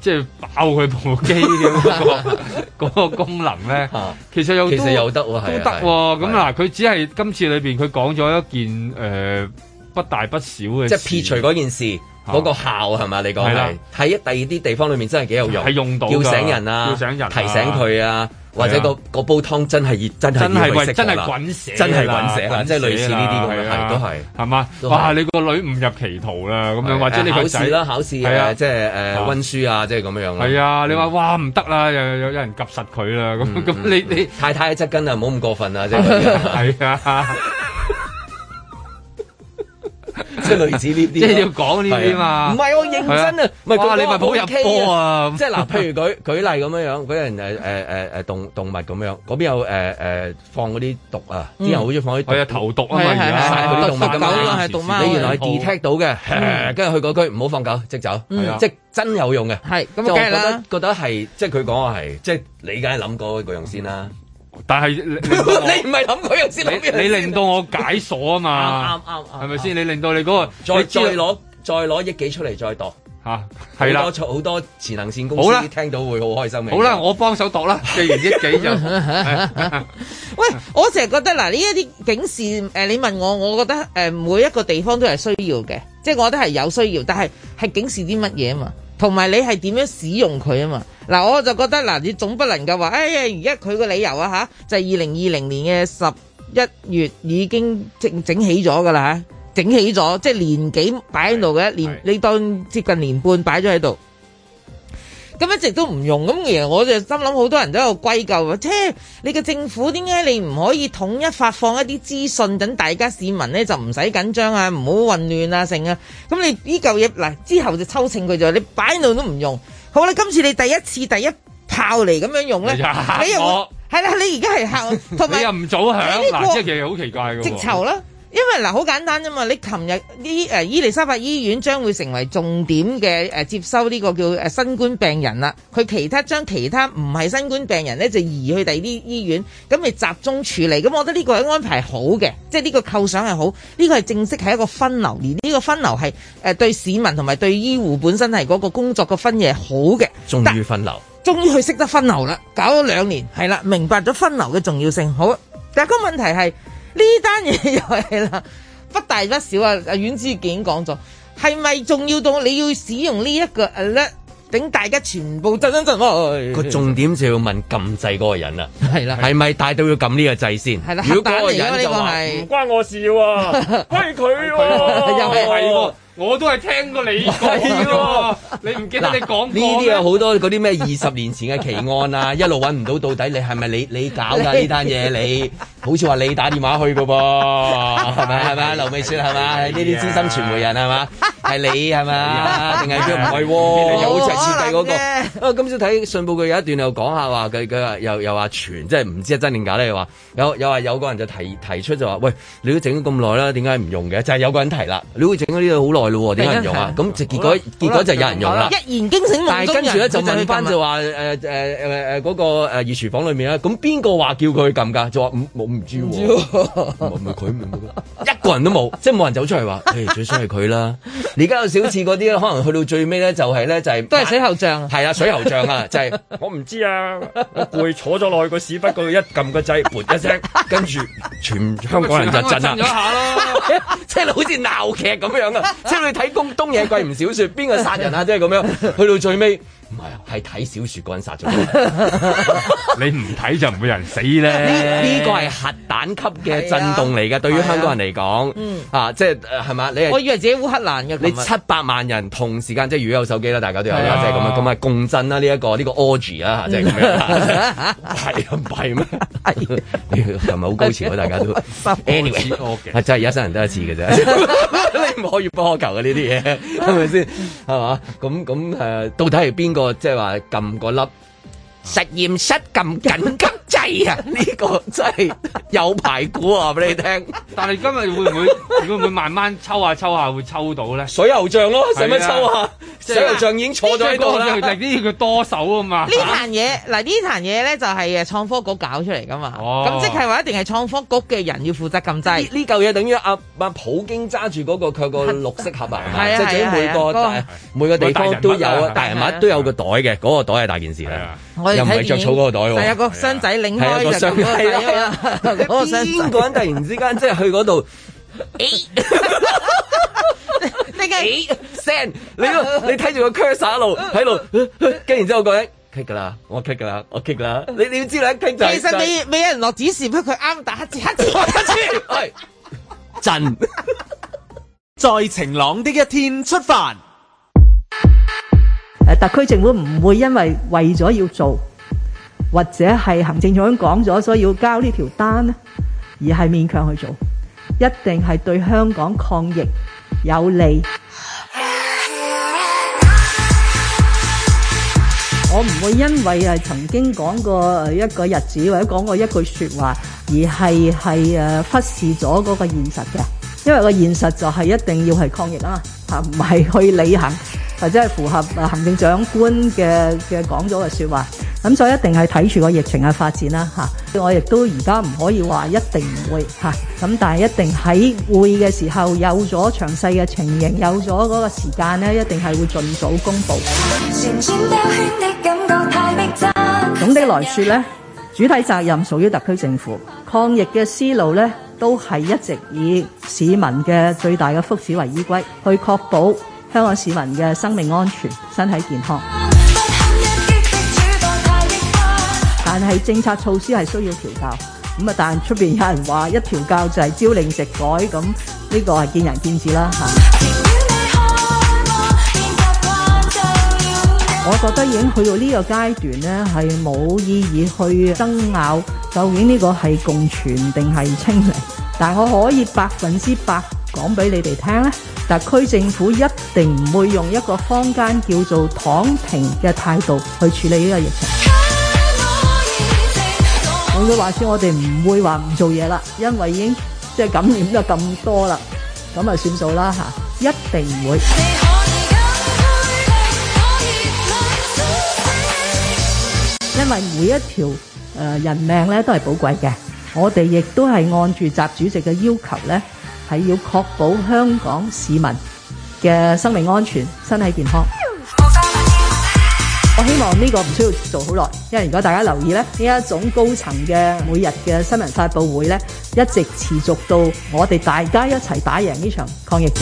即係爆佢部機嘅嗰、嗰個、 個功能咧，其實有其實又得喎，係都得喎。咁嗱，佢只係今次裏面，佢講咗一件誒、呃、不大不小嘅，即係撇除嗰件事嗰、啊嗰個效係咪？你講係喺第二啲地方裏面真係幾有用，係用到叫醒人、啊、叫醒人啊，提醒佢啊。或者個個煲湯真係熱，真係真係真係滾蛇，真係滾蛇啦！即係類似呢啲咁樣，都係，係嘛？哇！你個女唔入歧途啦，咁樣或者你啦、啊，考試啦、啊，考試啊，即係誒溫書啊，即係咁樣係啊！係啊！你話、嗯、哇唔得啦，又有有人夾實佢啦，咁、嗯、咁、嗯、你、嗯嗯嗯、你太太側邊啦，唔好咁過分 啊，即係係啊！ 即係類似呢啲、啊 啊啊啊，即係要講呢啲嘛。唔係我認真啊，唔係哇，你咪好入波啊。即係嗱，譬如舉舉例咁樣、呃呃呃呃、樣，人誒誒誒誒動動物咁樣，嗰邊有誒、呃、誒、呃、放嗰啲毒啊，啲人好中意放啲毒，投毒啊嘛而家，毒狗啊係毒貓你原來係 detect 到嘅，跟、嗯、住、嗯、去嗰區唔好放狗即走，嗯、即真有用嘅。係咁梗係啦，覺得係即係佢講話係，即係、嗯、你梗係諗嗰個樣先啦、啊。但係你唔係諗佢又知諗咩？ 你令到我解鎖啊嘛，啱啱啱，係咪先？你令到你嗰、嗰個再再攞再攞億幾出嚟再度。吓、啊、係啦，好多好多潛能線公司聽到會好開心嘅。好啦，我幫手度啦， 既然億幾就。 喂，我成日覺得嗱，呢一啲警示你問我，我覺得每一個地方都係需要嘅，即、就、係、是、我覺得係有需要，但係係警示啲乜嘢嘛？同埋你係點樣使用佢啊嘛？嗱，我就覺得嗱，你總不能夠話，哎呀，而家佢個理由啊吓，就係二零二零年嘅十一月已經整整起咗噶啦吓，整起咗，即係年幾擺喺度嘅，一年你當接近年半擺咗喺度。咁一直都唔用，咁其實我就心諗好多人都有歸咎即係、欸、你嘅政府點解你唔可以統一發放一啲資訊，等大家市民咧就唔使緊張啊，唔好混亂啊，成啊，咁你呢嚿嘢嗱之後就抽籤佢就，你擺喺度都唔用，好啦，今次你第一次第一炮嚟咁樣用咧，你我係啦，你而家係客。同埋你，你又唔早響嗱，即係其實好奇怪喎。直籌啦。因為嗱好簡單啫嘛，你琴日呢誒，伊利沙伯醫院將會成為重點嘅，誒接收呢個叫誒新冠病人啦。佢其他將其他唔係新冠病人呢，就移去第二啲醫院，咁咪集中處理。咁我覺得呢個係安排好嘅，即係呢個構想係好，呢個係正式係一個分流，而呢個分流係誒對市民同埋對醫護本身係嗰個工作嘅分野好嘅。終於分流，終於佢識得分流啦，搞咗兩年係啦，明白咗分流嘅重要性。好，但係個問題係。呢單嘢又係啦，不大不小啊！阿阮志健講咗，係咪重要到你要使用呢一個 alert，啊、等大家全部震一震，震、啊？佢重點就要問撳掣嗰個人啦，係啦，係咪大到要撳呢個掣先？係啦，如果嗰個人就話唔、這個、關我事喎、啊，關佢喎，又係。我都係聽過你講， 你唔記得你講過呢啲有好多嗰啲咩二十年前嘅奇案啊，一路揾唔到到底你係咪你你搞㗎呢單嘢？你好似話你打電話去㗎噃，係咪係咪啊？ 係咪 劉美雪係咪？呢啲資深傳媒人係嘛？是係你係嘛？定係佢唔係喎？又好似設計嗰個。今朝睇信報佢有一段又講下話，佢佢又又話傳，即係唔知係真定假咧。話 有又話有個人就提提出就話，喂，你都整咗咁耐啦，點解唔用嘅？就係、是、有個人提啦。你都整咗呢度好耐咯，點解唔用啊？咁就結果結果就有人用啦、啊啊。一言驚醒夢中人。但係跟住咧就問翻就話誒誒誒誒嗰個誒熱廚房裏面咧，咁邊個話叫佢撳㗎？就話冇，唔、嗯、知喎。唔係佢唔知㗎，一個人都冇，即係冇人走出嚟話誒，最衰係佢啦。而家有小似嗰啲咯，可能去到最尾咧、就係，就係咧就係都係水喉匠。係啊水喉匠啊， 就係、係、我唔知啊，我攰坐咗耐個屎忽，佢一撳個掣，啵一聲，跟住全香港人就震啦，震咗下咯，即 係好似鬧劇咁樣啊！即 係你睇東野圭吾小說，邊個殺人啊？即係咁樣，去到最尾。唔係，係睇小説嗰個人殺咗 你。你唔睇就唔會有人死咧。呢個係核彈級嘅震動嚟嘅、啊，對於香港人嚟講是啊、嗯，啊，即係係嘛？你我以為自己烏克蘭嘅。你七百萬人同時間即係、就是、如果有手機啦，大家都有啦，即係咁啊，咁啊、就是、這這這共振啦，呢一個呢個 orgy 啊，即係咁樣，係唔係咩？係咪好高潮啊？大家都 anyway, anyway，真係一生人得一次嘅啫， 你唔可以不可求嘅呢啲嘢，係咪先？係嘛？咁咁誒，到底係邊個？即係話撳個粒實驗室撳緊急掣。係啊，呢、這個真係有排骨話俾你聽。 但係今日會唔會會唔會慢慢抽一下抽下會抽到咧？水牛像咯、哦，使乜抽一下啊？水牛像已經坐咗喺度啦，呢啲叫多手啊嘛。呢層嘢嗱，呢層嘢咧就係誒創科局搞出嚟噶嘛。咁即係話一定係創科局嘅人要負責撳掣。呢嚿嘢等於阿、啊、阿、啊、普京揸住嗰個佢個綠色盒啊，係即係每個、啊啊啊、每個地方都有是啊，是啊，啊，是啊，大人物都有個袋嘅，嗰個袋係大件事啦。又唔係着草嗰個袋喎。第一個箱仔拎。係啊，上邊係啦，邊個人突然之間即係去嗰度？你個聲，你你睇住個 cursor 一路喺度，跟然之後個聲 cut 噶啦，我 cut 噶啦，我 cut 啦，你你要知啦，cut 就其實未未有人落指示，俾佢啱打字，黑字，黑字，係。陣在晴朗的一天出發。誒，特區政府唔會因為為咗要做，或者係行政長官講咗，所以要交呢條單咧，而係勉強去做，一定係對香港抗疫有利。 我唔會因為係曾經講過一個日子或者講過一句說話，而係係誒忽視咗嗰個現實嘅，因為個現實就係一定要係抗疫啦，吓唔係去旅行。或者係符合行政長官嘅嘅講咗嘅説話，咁所以一定係睇住個疫情嘅發展啦嚇。我亦都而家唔可以話一定唔會嚇，咁但係一定喺會嘅時候有咗詳細嘅情形，有咗嗰個時間咧，一定係會盡早公布。總的來說咧，主體責任屬於特區政府，抗疫嘅思路咧都係一直以市民嘅最大嘅福祉為依歸，去確保。香港市民嘅生命安全、身體健康，但係政策措施係需要調校。但係出面有人話一調校就係朝令夕改，咁呢個係見仁見智啦。我覺得已經去到呢個階段，呢係冇意義去爭拗究竟呢個係共存定係清零？但我可以百分之百講畀你哋聽。特區政府一定唔會用一個坊間叫做躺平嘅態度去處理呢個疫情。講咗話先，我哋唔會話唔做嘢啦，因為已經即係感染咗咁多啦，咁啊算數啦吓，一定唔會。因為每一條誒人命咧都係寶貴嘅，我哋亦都係按住習主席嘅要求咧，係要確保香港市民嘅生命安全、身體健康。我希望呢個唔需要做好耐，因為如果大家留意咧，呢一種高層嘅每日嘅新聞發佈會咧，一直持續到我哋大家一齊打贏呢場抗疫戰。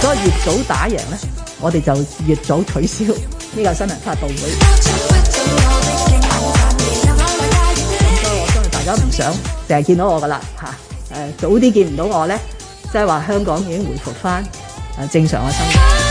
所以越早打贏咧，我哋就越早取消呢個新聞發佈會。而家唔想成日見到我噶啦，吓，誒，早啲見唔到我咧，即係話香港已經回復翻誒正常嘅生活。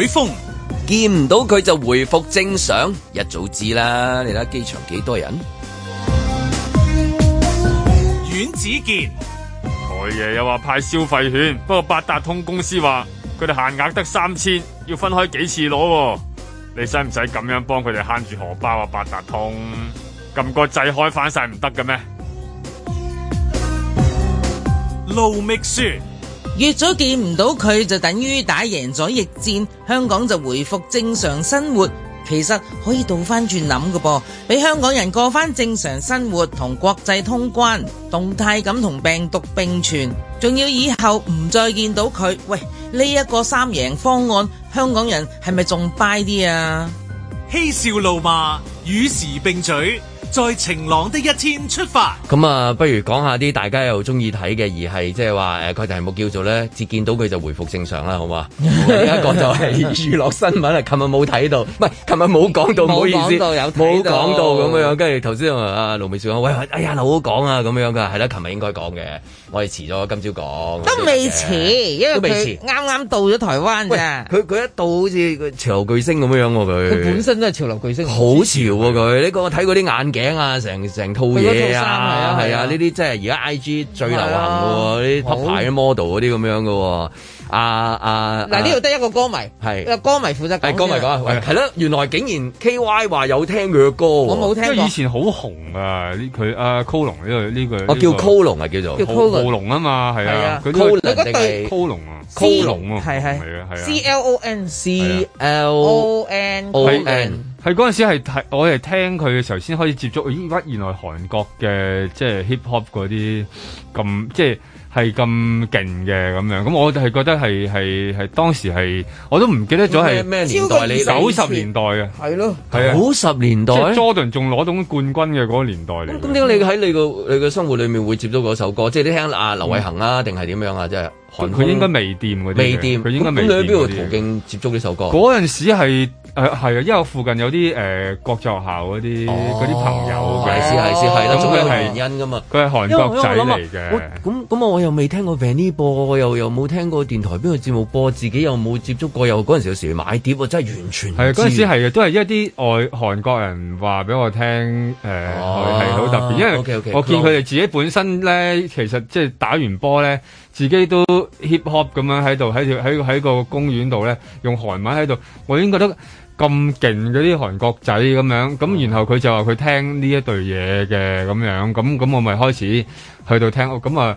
海風見唔到佢就回復正常，一早知啦。你睇機場幾多人？阮子健，佢爺又話派消費券，不過八達通公司話佢哋限額得三千，要分開幾次攞喎。你使唔使咁樣幫佢哋慳住荷包啊？八達通，撳個掣開翻晒唔得嘅咩？盧覓雪。越咗見唔到佢就等於打贏咗疫戰，香港就回復正常生活。其實可以倒翻轉諗㗎噃，俾香港人過翻正常生活同國際通關動態咁同病毒並存，仲要以後唔再見到佢。喂，呢一個三贏方案，香港人係咪仲 buy 啲啊？嬉笑怒罵與時並舉。在晴朗的一天出發。咁啊，不如講下啲大家又中意睇嘅，而係即係話誒，佢、呃、題目叫做咧，接見到佢就回覆正常啦，好嘛？而家講就係、是、 娛樂新聞啊。琴日冇睇到，唔係琴日冇講到，唔好意思，冇講到有冇講咁樣。跟住頭先阿盧美少講喂，哎呀，好講啊，咁樣噶，係啦，琴日應該講嘅，我哋遲咗，今朝講都未遲，因為佢啱啱到咗台灣咋。佢、佢一到好似潮流巨星咁樣喎、啊，佢、佢本身都係潮流巨星，好潮喎、啊、佢。你講睇嗰啲眼鏡。名啊，成成套嘢啊，係啊，呢啲即係而家 I G 最流行嘅喎、啊，呢啲品牌 model 嗰啲咁樣㗎、啊。喎。啊啊！嗱呢度得一個歌迷，係個歌迷負責歌迷講，係咯，原來竟然 K Y 話有聽佢嘅歌喎。我冇聽過，因為以前好紅啊！呢佢啊，Kolon 呢、呢個呢、呢個。我叫 Kolon 啊叫做。叫 Kolon 啊嘛，係啊。這個、k o l Kolon 啊？Kolon 啊，係係啊。C L O N C L O N -L O N 係嗰陣時係睇我係聽佢嘅時候先開始接觸。咦？原來韓國嘅即係 hip hop 嗰啲咁即係。係咁勁嘅咁樣，咁我係覺得係係係當時係，我都唔記得咗係咩年代，你九十年代啊，係咯，係啊，九十年代。即係 Jordan 仲攞到冠軍嘅嗰個年代嚟。咁點解你喺你個你個生活裏面會接觸到嗰首歌？即係你聽阿劉偉恒啊，定係點樣啊？即係佢應該未掂嗰啲，未掂？佢應該未掂。咁你喺邊度途徑接觸呢首歌？嗰陣時係。誒係啊是，因為我附近有啲誒、呃、國際學校嗰啲嗰啲朋友嘅，係係係啦，咁佢係原因嘅嘛，佢係韓國仔嚟嘅。咁咁啊，我又未聽過 Vanny 播，我又又冇聽過電台邊個節目播，自己又冇接觸過，又嗰陣時有時買碟，我真係完全係啊！嗰陣時係啊，都係一啲外韓國人話俾我聽，誒係好特別，因為 okay, okay，我見佢哋自己本身咧，其實即係打完波咧，自己都 hip hop 咁樣喺度喺度喺喺個公園度咧，用韓文喺度，我已經覺得。嗯咁勁嗰啲韓國仔咁樣，咁然後佢就話佢聽呢一隊嘢嘅咁樣，咁咁我咪開始去到聽，哦、咁、啊。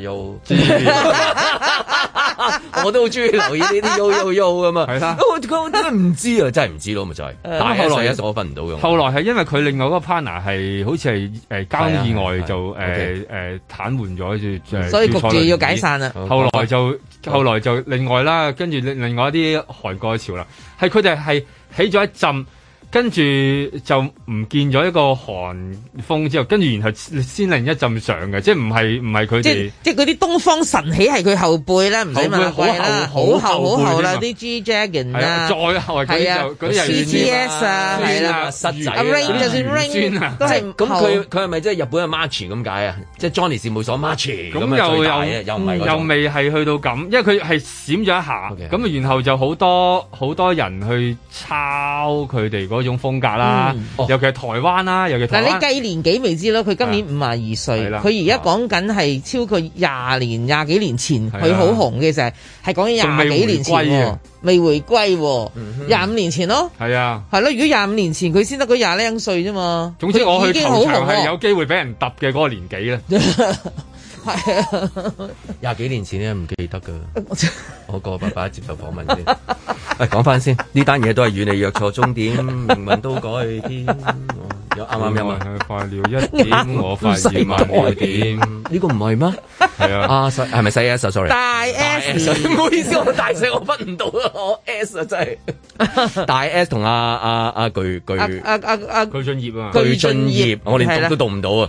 喲， 我都好中意留意呢啲喲喲喲咁啊！都都都唔知啊，真係唔知咯、啊，咪就係、是呃。但後來，我瞓唔到嘅。後來係因為佢另外嗰個 partner 係好似係誒交通意外就誒誒癱瘓咗，所以焗住要解散啦。後來就後來就另外啦，跟住另外一啲韓國嘅潮啦，係佢哋係起咗一陣。跟住就唔見咗一個韓風之後，跟住然後先另一陣上嘅，即係唔係唔係佢哋？即係嗰啲東方神起係佢後輩啦，唔使問好後好後好後,後,後,後,後,後,後,後啦，啲 G Dragon 再後係佢就 t G S 啊，係啦、啊，實、啊啊啊啊、仔、啊，呢啲先 r i n 都係。咁佢佢係咪即係日本嘅 March 咁解啊？即係 Johnny 事務所 March 咁、嗯、又又又、嗯、又未係去到咁，因為佢係閃咗一下，咁、okay. 然後就好多好多人去抄佢哋嗰。嗰種風格啦，尤其係台灣啦，尤其台灣。係台灣但你計年紀未知咯，佢今年五十二歲，佢而家講緊係超過廿年廿幾、啊、年前佢好紅嘅時候係，係講緊廿幾年前未的，未回歸喎，廿、嗯、五年前咯。係啊，係咯、啊，如果廿五年前佢先得嗰廿零歲啫嘛。總之我已去球場係有機會俾人揼嘅嗰個年紀咧。 廿 幾年前咧唔記得噶。我個爸爸接受訪問先。喂、哎，講翻先，呢單嘢都係與你約錯終點，命運都改添。又啱啱有問佢快聊一點，我快二萬快點。呢、嗯嗯嗯，這個唔係咩？係 啊。啊係咪細 S 啊？Sorry。大 S。唔好意思，我大細我分唔到啊。我 S 啊真係。大 S 同阿阿阿巨巨阿阿阿巨俊業啊。巨、啊、俊、啊啊啊、業、業，我連讀都、都讀唔到啊。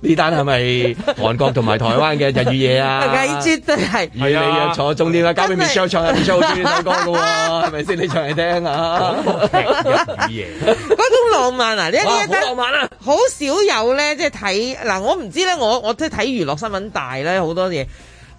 呢單係咪韓國同埋台灣嘅日語嘢啊？ 絕對係。而你又、啊、坐中啲啦，交俾 Michelle 唱，Michelle 好中意首歌嘅喎，係咪先？你唱嚟聽啊！日語嘢。嗰種浪漫啊！呢呢一單、浪漫啊、好少有咧，即係睇嗱，我唔知咧，我我即係睇娛樂新聞大咧好多嘢，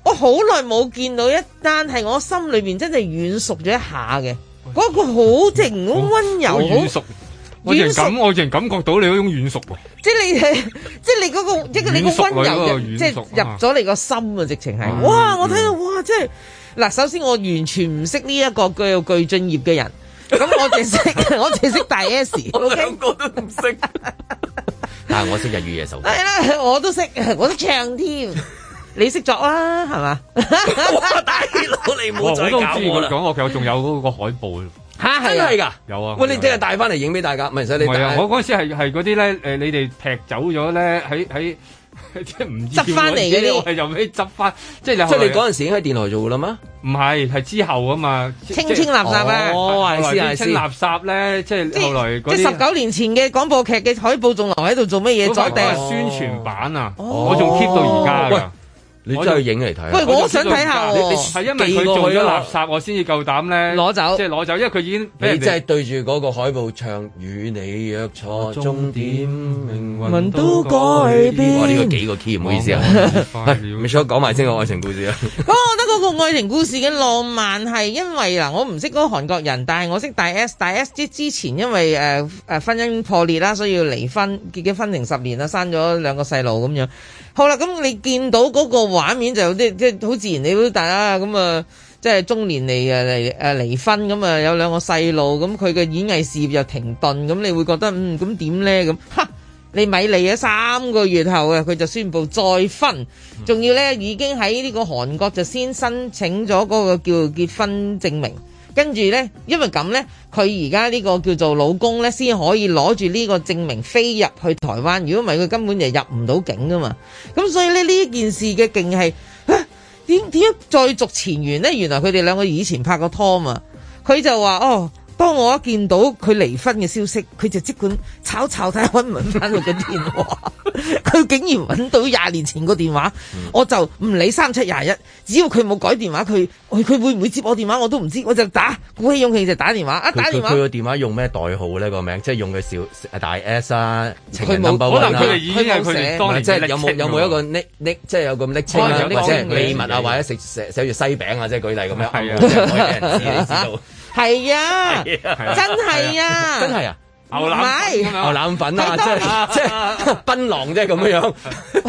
我好耐冇見到一單係我心裏面真係軟熟咗一下嘅，嗰、哎那個好靜好溫、哎、柔。哎我淨感，我淨感覺到你嗰種軟熟喎。即係你係，即係你嗰個，即係你個溫柔嘅，即係入咗你個心啊！直情係。哇，我睇到哇，即係嗱，首先我完全唔識呢一個叫做巨津業嘅人，咁我淨識，我淨識大 S。我兩個都唔識。但係我識日語、夜手。係啦，我都識，我都唱添。你識作啦，係嘛？我大佬，你冇再搞我啦。我都知佢講，我佢仲有嗰個海報。吓、啊，真係噶有啊，啊！喂，你聽日帶翻嚟，影俾大家，唔使你。唔係我嗰時係係嗰啲咧，誒、啊，你哋，呃、劈走咗咧，喺喺即係唔執翻嚟嗰啲，係由尾執翻，即係即係你嗰陣時已經喺電台做啦嘛？唔係，係之後啊嘛，清清垃圾啊！哦、啊清，清垃圾咧，即係、啊啊、後來即十九年前嘅廣播劇嘅海報仲留喺度做乜嘢？我係、啊啊、宣傳版啊，哦、我仲 keep 到而家噶。哦你真係影嚟睇。喂，我想睇下、啊。係因為佢做咗垃圾，我先至夠膽咧攞走，即係攞走，因為佢已經被。你真係對住嗰個海報唱《與你約錯終點》命，命運都改變。哇，呢、這個幾個 key，唔好意思啊。唔錯，講埋先個愛情故事啊。咁我覺得嗰個愛情故事嘅浪漫係因為嗱，我唔識嗰個韓國人，但係我識大 S。大 S 之前，因為誒誒婚姻破裂啦，所以要離婚，結咗婚成十年啦，生咗兩個細路咁樣。好啦，咁你見到嗰個畫面就有啲即係好自然，你會大家咁啊，即係中年嚟啊嚟啊離婚咁啊，有兩個細路，咁佢嘅演藝事業又停頓，咁你會覺得嗯咁點咧咁？吓你咪嚟咗三個月後啊，佢就宣布再婚，仲要咧已經喺呢個韓國就先申請咗嗰個叫結婚證明。跟住呢，因為咁呢，佢而家呢個叫做老公呢，先可以攞住呢個證明飛入去台灣。如果唔係，佢根本就入唔到境噶嘛。咁所以呢，呢一件事嘅勁係，點點樣再續前緣呢，原來佢哋兩個以前拍過拖嘛。佢就話哦。當我一見到佢離婚嘅消息，佢就即管炒炒睇，揾唔翻佢嘅電話。佢 竟然搵到廿年前個電話，嗯、我就唔理三七廿一，只要佢冇改電話，佢佢會唔會接我電話我都唔知。我就打，鼓起勇氣就打電話。啊打電話，佢個電話用咩代號呢？個名即係用佢小大 S 啦，啊，情人冷暴可能佢哋已經係佢當年即係有冇有冇一個 nick nick，即係有個暱稱啊，即係秘密啊，或者寫寫寫住西餅啊，即係舉例咁樣。係 啊，冇人知你知道。係啊,啊，真係啊,啊,啊,啊,啊，真係啊，牛腩，牛腩粉啊，即係即係檳榔啫咁樣，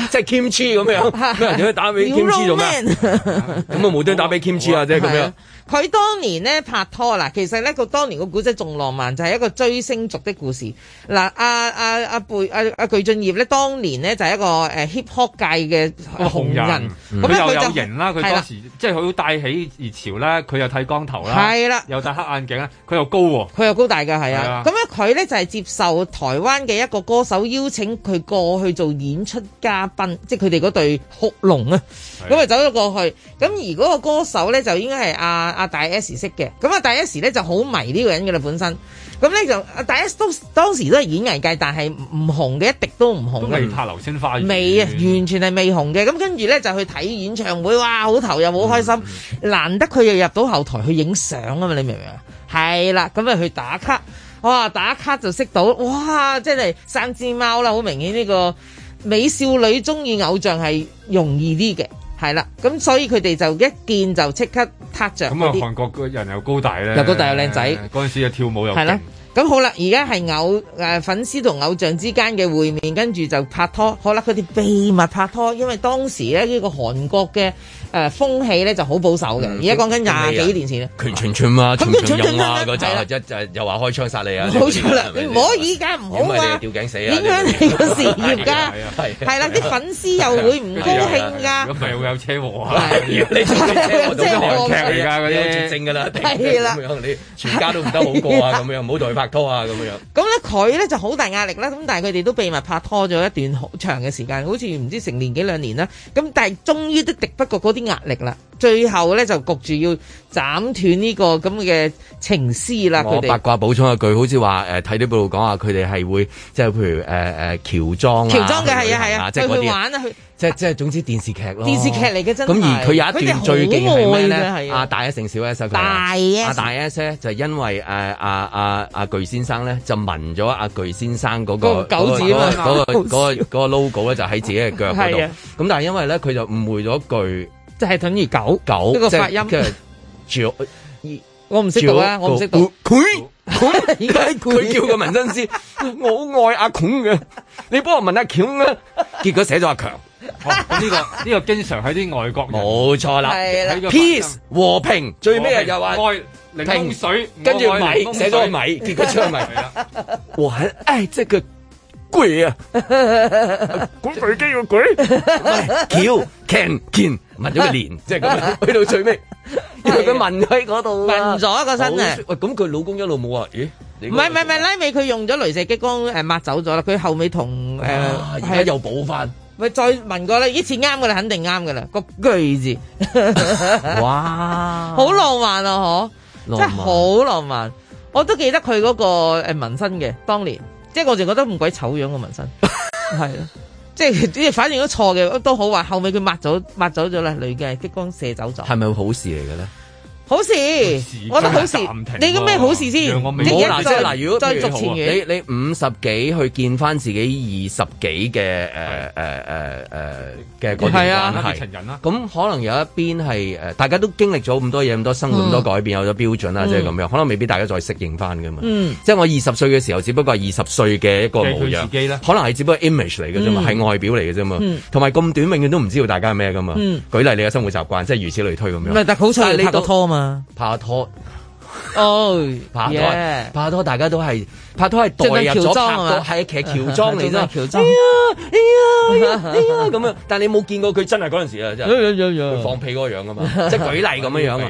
即係 Kimchi 咁樣，咁人哋點解打俾 Kimchi 做咩？咁 啊無端打俾 Kimchi 啊，即係咁樣。佢當年咧拍拖啦，其實咧佢當年個古仔仲浪漫，就係、是、一個追星族的故事。嗱、啊，阿阿阿貝阿阿、啊啊、具俊曄咧，當年咧就係、是、一個誒 hip hop 界嘅紅人，咁咧佢就型啦，即係佢帶起熱潮啦，佢又剃光頭啦，係啦，又戴黑眼鏡咧，佢又高喎、哦，佢又高大嘅係啊，咁咧佢咧就係、是、接受台灣嘅一個歌手邀請，佢過去做演出嘉賓，即係佢哋嗰對酷龍啊，咁啊走咗過去，咁而嗰個歌手咧就應該係阿、啊。啊大 S 識嘅，咁啊大 S 咧、啊、就好迷呢個人嘅啦本身，咁咧就、啊、大 S 都當時都係演藝界，但係唔紅嘅，一滴都唔紅嘅，拍流星花園未啊，完全係未紅嘅。咁跟住咧就去睇演唱會，哇好頭又好開心，嗯、難得佢又入到後台去影相啊嘛，你明唔明啊？係啦，咁啊去打卡，哇、啊、打卡就識到，哇真係三字貓啦，好明顯呢個美少女中意偶像係容易啲嘅。係啦，咁所以佢哋就一見就即刻撻着。咁啊，韓國人又高大咧，又高大又靚仔。嗰陣時又跳舞又。係啦，咁好啦，而家係偶、啊、粉絲同偶像之間嘅會面，跟住就拍拖。好啦，佢哋秘密拍拖，因為當時咧呢個韓國嘅。誒風氣咧就好保守嘅，而家講緊廿幾年前咧、嗯，全全嘛、啊，全、啊、全寸啦、啊，係就、啊、又話開槍殺你啊！冇錯啦，你唔可以㗎，唔好啊！點樣你個事業㗎，係啦，啲粉絲又會唔高興㗎？咁咪會有車禍啊？你你會、啊、你學到、啊啊、 韓劇而家嗰啲正㗎啦，係啦，咁你全家都唔得好過啊！咁樣唔好同佢拍拖啊！咁樣咁咧，佢咧就好大壓力啦。咁但係佢哋都秘密拍拖咗一段好長嘅時間，好似唔知成年幾兩年啦。咁但係終於都敵不過啲。壓力啦，最後咧就焗住要。斬斷呢個咁嘅情絲啦！我八卦補充一句，好似話睇啲報道講話佢哋係會即係譬如誒誒喬裝嘛，喬裝嘅係啊係啊，啊，啊，啊，即係嗰玩啊！即係即，即總之電視劇咯，電視劇嚟嘅真係。咁而佢有一段最係咩咧，啊，大 S 小 S 大啊大 S 咧就是，因為誒阿阿阿巨先生咧就聞咗阿、啊、巨先生嗰、嗰個嗰個狗字嗰嗰個嗰 logo 咧就喺自己嘅腳嗰度。咁但係因為咧佢就誤會咗句，即係等於狗狗我唔識讀啊！我唔識讀。佢點解佢叫個紋身師？我愛阿孔嘅，你幫我問下喬啦。結果寫咗阿強。呢個呢個經常喺啲外國。冇錯啦。peace 和平最尾又話愛。風水跟住米寫咗米，結果出嚟。我很愛這個。攰啊！趕飛機個攰，橋 can 見紋咗個年，即係咁去到最尾，佢紋喺嗰度紋咗個身啊！喂，咁佢老公一路冇啊？咦？唔係唔係唔係，拉尾佢用咗雷射激光誒抹走咗啦。佢後尾同誒係啊，又補翻。咪再紋過咧？呢次啱嘅啦，肯定啱嘅啦，個句字。哇！好浪漫啊！嗬，真係好浪漫。我都記得佢嗰個誒紋身嘅當年。即係我就覺得唔鬼醜樣個紋身，係 咯，即係反正都錯嘅都好話，後尾佢抹咗抹走咗啦，女嘅激光射走咗，係咪好事嚟嘅咧？好事，好事，我覺得好事，啊、你個咩好事先？嗱，即，即，即，即如果再續前緣、啊、你你五十幾去見翻自己二十幾嘅誒誒誒誒嘅嗰段關係啊，情人啦、啊。咁可能有一邊係大家都經歷咗咁多嘢，咁多生活，咁多改變，有咗標準啦，即係咁樣。可能未必大家再適應翻噶嘛。嗯，即、就、係、是、我二十歲嘅時候，只不過二十歲嘅一個模樣。你自己呢可能係只不過 image 嚟嘅啫嘛，係、嗯、外表嚟嘅啫嘛。同埋咁短，永遠都唔知道大家係咩噶嘛。嗯，舉例你嘅生活習慣，即、就、係、是、如此類推咁、嗯、樣。但好彩你拍咗拖啊嘛。拍拖，哦，oh, yeah. 拍拖，拍拖，大家都係拍、啊、拍拖，係代入咗拍，係其實喬裝嚟啫，喬裝，哎呀，哎呀，哎呀，咁、哎、樣，但係你冇見過佢真係嗰陣時啊， 即係，放屁嗰個樣啊嘛，即係舉例咁樣樣啊，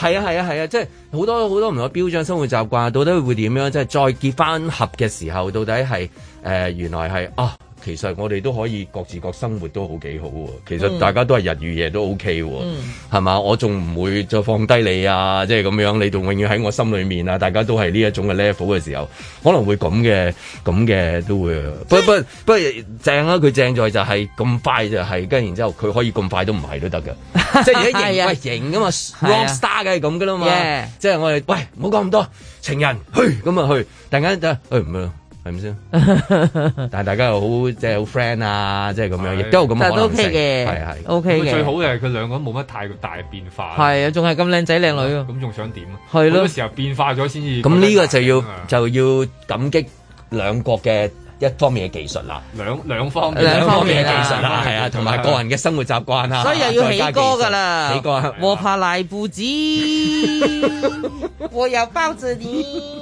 係啊，係啊，係啊，即係好多好多唔同嘅標準生活習慣，到底會點點樣？即、就、係、是、再結翻合嘅時候，到底係誒、呃，原來係啊其實我哋都可以各自各生活都好幾好喎，其實大家都係日與夜都 O K 喎，係、嗯、嘛？我仲唔會再放低你啊，即係咁樣，你仲永遠喺我心裏面啊！大家都係呢一種嘅 level 嘅時候，可能會咁嘅，咁嘅都會。不不不，正啊！佢正在就係、是、咁快就係、是，跟然之後佢可以咁快都唔係都得㗎。 即係而家型、啊、喂型啊嘛，rock star 梗係咁噶啦嘛，啊就是、嘛 yeah, 即係我哋喂唔好講咁多情人，去咁啊去，突然間去唔去？哎係咪先？ 但係大家又好，即係好 friend 啊，即係咁樣，亦都咁但都 OK 嘅，係，係 OK 最好嘅係佢兩個冇乜太大變化。係啊，仲係咁靚仔靚女啊，咁、嗯、仲、嗯嗯、想點啊？係咯，時候變化咗先至。咁呢個就要就要感激兩國嘅一方面嘅技術啦，兩兩方面兩方面嘅技術啦，係啊，同埋個人嘅生活習慣啊。所以又要起歌噶啦，起歌、啊。我怕來不及， 我要抱著你。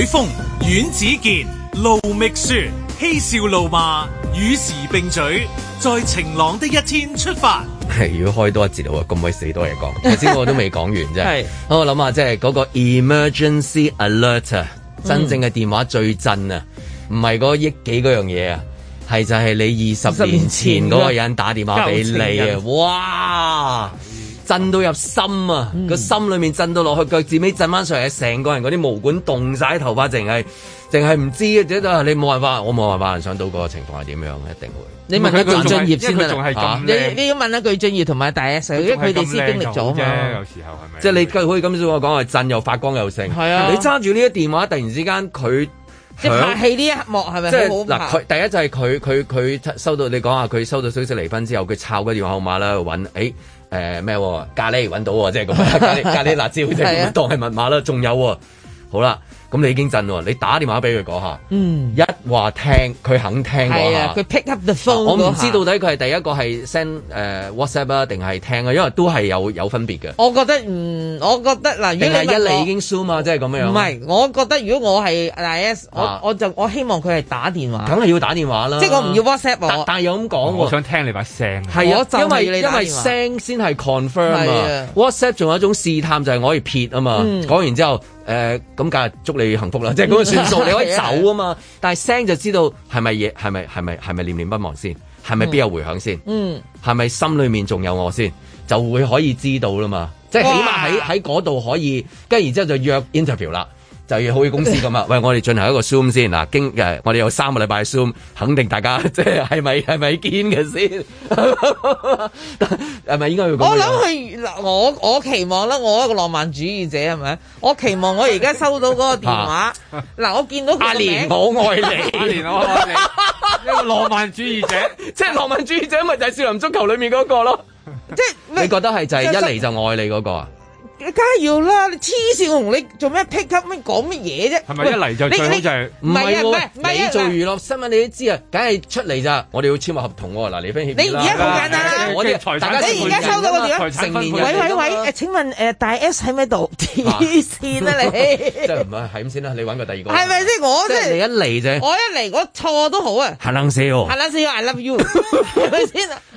海風阮子健、盧覓雪嬉笑怒罵與時並嘴、在晴朗的一天出發。係 要開多一節啊，咁鬼死多嘢講，頭先我都未講完啫。係， 我諗下即係嗰個 emergency alert，、嗯、真正嘅電話最震啊，唔係嗰億幾嗰樣嘢啊，係就係你二十年前嗰個人打電話俾你啊，哇！震到入心啊！個、嗯、心裏面震到落去，腳趾尾震翻上嚟，成個人嗰啲毛管凍晒，頭髮淨係淨係唔知，淨係你冇辦法，我冇辦法想到個情況係點樣，一定會。你問一下具俊曄先啦，你你要問下具俊曄同埋大 S，因為佢哋先經歷咗嘛。有時候係咪？即、就、係、是、你可以咁樣同我講，震又發光又盛。係啊！你揸住呢啲電話，突然之間佢。嗯、即係拍戲呢一幕係咪？即係嗱，佢第一就係佢佢佢收到你講下佢收到消息離婚之後，佢抄個電話號碼啦，揾誒誒咩咖喱揾到喎、啊，即係咁，咖喱咖喱辣椒即係 當係密碼啦，仲有喎、啊。好啦，咁你已經震喎，你打電話俾佢講下，一話聽佢肯聽嘅話，佢、啊、pick up the phone，、啊、我唔知到底佢係第一個係 send 誒 WhatsApp 啊，定係聽啊，因為都係有有分別嘅。我覺得唔、嗯、我覺得嗱、呃，如果一你，你已經輸即係咁樣。唔係，我覺得如果我係大 S，我我就我希望佢係打電話，梗、啊、係要打電話啦，啊、即係我唔要 WhatsApp。但係有咁講喎，我想聽你把聲。係、啊，因為因為聲先係 confirm 啊。WhatsApp 仲有一種試探就係我可以撇啊嘛，講、嗯、完之後。誒、呃，咁梗係祝你幸福啦，即係嗰個算數，你可以走啊嘛。 但係聲就知道係咪嘢，係咪係咪係咪念念不忘先，係咪必有回響先？嗯，係咪心裏面仲有我先，就會可以知道啦嘛。即、就、係、是、起碼喺喺嗰度可以，跟住然之後就約 interview 啦。就要好似公司咁啊！喂，我哋進行一個 Zoom 先嗱，經誒我哋有三個禮拜 Zoom，肯定大家即係係咪係咪堅嘅先？係咪 應該要講？我諗係我我期望啦，我一個浪漫主義者係咪？我期望我而家收到嗰個電話嗱、啊，我見到個名， 阿年我愛你，一個浪漫主義者， 即係浪漫主義者咪就係少林足球裏面嗰、嗰個咯？即係你覺得係就係、係、一嚟就愛你嗰、嗰個啊？梗係要啦！你黐線，我同你做咩 pick up 咩講乜嘢啫？係咪一嚟就，最就你最正？唔係唔你做娛樂新聞，你都知、哦、你簡啊，梗係出嚟咋！我哋要簽埋合同喎。嗱，你婚協你而家好簡單啊？我哋你而家收到個電話？成年人。喂喂喂，誒、啊、請問誒、呃、大 S 喺唔喺度？黐線啊你！即係唔係係咁先啦？你揾個第二個。係咪先我即係、就是、你一嚟啫？我一嚟我錯都好啊！嚇冷笑！嚇冷笑 I love you。係咪先？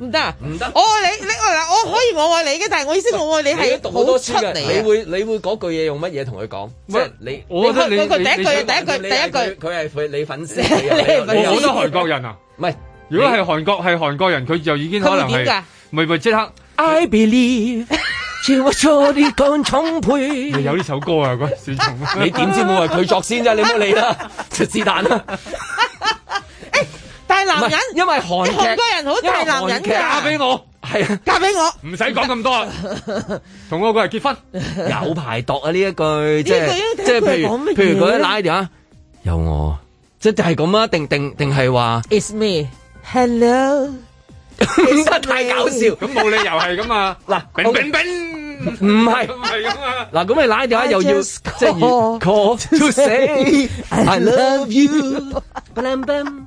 唔得，唔得，我你你嗱，我可以我話你嘅，但係我意思我話你係好出嚟。你會你會嗰句嘢用乜嘢同佢講？唔係你，我覺得你第一句第一句第一句佢係佢你粉絲，好多韓國人啊！唔係，如果係韓國係韓國人，佢就已經可能係唔係咪即刻？I believe，全部初啲更充沛。你有呢首歌啊，嗰陣時你點知我話佢作先啫？你冇理啦？出子彈啊！男人，因為韓劇，韓國人好大男人。嫁俾我，係啊，嫁俾我，唔使講咁多啊。同我嗰個人結婚，有排讀啊呢一句，即係即係，譬如譬如嗰啲拉電話啊，有我，即係係咁啊？定定定係話？It's me, hello，真係太搞笑，咁冇理由係咁啊？嗱，冰冰冰，唔係，唔係咁啊？嗱，咁你拉電話啊，又要 call to say I love you，blam blam。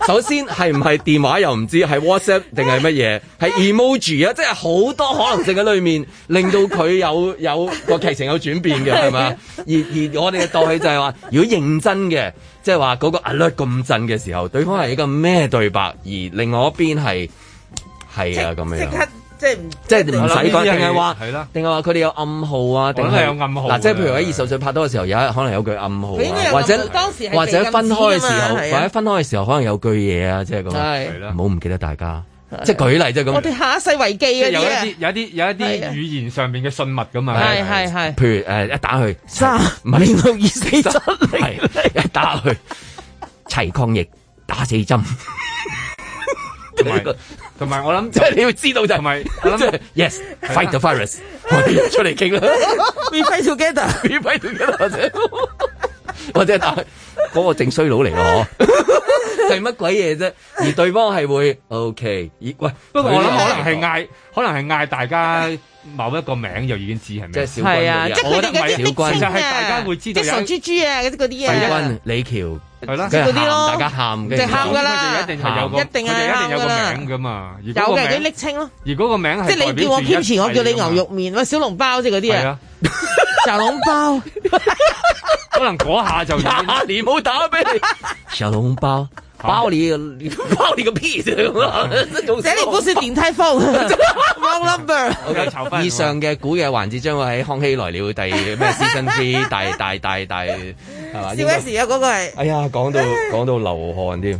首先係唔係電話又唔知係 WhatsApp 定係乜嘢係 emoji 啊？ 即係好多可能性嘅裏面，令到佢有有個劇情有轉變嘅係嘛？而而我哋嘅代氣就係話，如果認真嘅，即係話嗰個 alert 咁震嘅時候，對方係一個咩對白，而另外一邊係係啊咁樣。即係唔即係唔使講，定係話定係話佢哋有暗號啊？定係有暗號啦！即係譬如喺二十歲拍拖嘅時候，有可能有句暗號啊，號或者當時或者分開嘅時候，或者分開嘅時候,時候,時候可能有句嘢啊，即係咁。係，唔好唔記得大家，即係舉例即係咁。我哋下一世為記啊！有一啲有一啲有一啲語言上面嘅信物咁啊！係係係。譬如誒，打打 一打去三五六二四七，一打去齊抗疫，打死針。 同埋我諗，即係你要知道就係，我諗，yes，fight、啊、the virus， 出嚟傾啦，be fight together，be fight together，或者或打嗰個正衰佬嚟咯，係 乜 鬼嘢啫、啊？而對方係會，ok，而喂、呃，不過我諗可能係嗌，啊、可能係嗌大家某一個名就已經知係咩，係、就、啊、是，我哋嘅小軍啊，大家會知道有小豬豬啊嗰啲嗰啲嘢，李李喬。係啦，嗰啲咯，即係喊噶啦，一定係有個名㗎嘛。一定噶有嘅係啲瀝清咯。而嗰個名係即係你叫我 Kimchi，我叫你牛肉麵，喂，小籠包即係嗰啲啊？ 小籠籠包， 可能嗰下就廿年冇打俾你。小籠包。包你包，啊、你個屁啫！咁， 這裏不是電梯風房，啊、 number okay。以上嘅古嘅環節將會喺康熙來了第咩 c 生子大大大大係嘛？少一啊，嗰，啊那個係哎呀，講到講到流汗添，